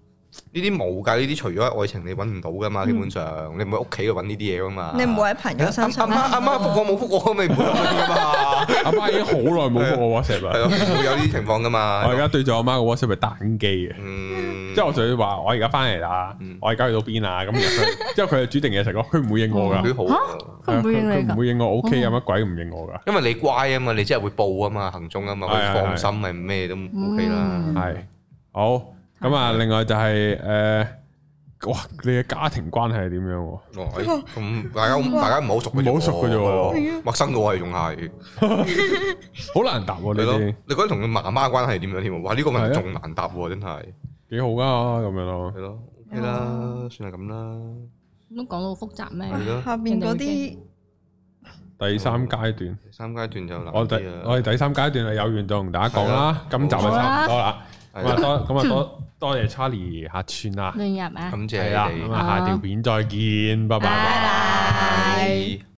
呢啲冇噶，呢啲除咗愛情你搵唔到噶嘛，基本上你唔會喺屋企度搵呢啲嘢噶嘛。你唔會喺朋友身上。阿媽阿媽覆我冇覆我，你唔會啲噶嘛。阿媽已經好耐冇覆我 WhatsApp 啦。係有呢啲情況噶嘛。我而家對住阿媽個 WhatsApp 係單機嘅，即係我就要話我而家翻嚟啦，我而家去到邊啊？咁，即係佢係煮定嘢食咯，佢唔會應我噶。佢好，佢唔會應我。O K 有乜鬼唔應我噶？因為你乖啊嘛，你即係會報啊嘛，行蹤啊嘛，放心，係咩都 O K 啦。係好。咁啊，另外就係誒，哇，你嘅家庭關係係點樣喎？咁大家大家唔好熟嘅啫喎，陌生到我係仲係，好難答喎呢啲。你覺得同佢媽媽關係點樣添？哇，呢個問題仲難答喎，真係。幾好㗎，咁樣咯。係咯，OK 啦，算係咁啦。都講到好複雜咩？下面嗰啲第三階段，第三階段就難啲啊。我第我哋第三階段係有緣就同大家講啦，今集就差唔多啦。咁啊 多，咁啊多多謝 Charlie 客串啊，今日啊，感謝你哋，咁啊下條片再見，拜拜，拜拜。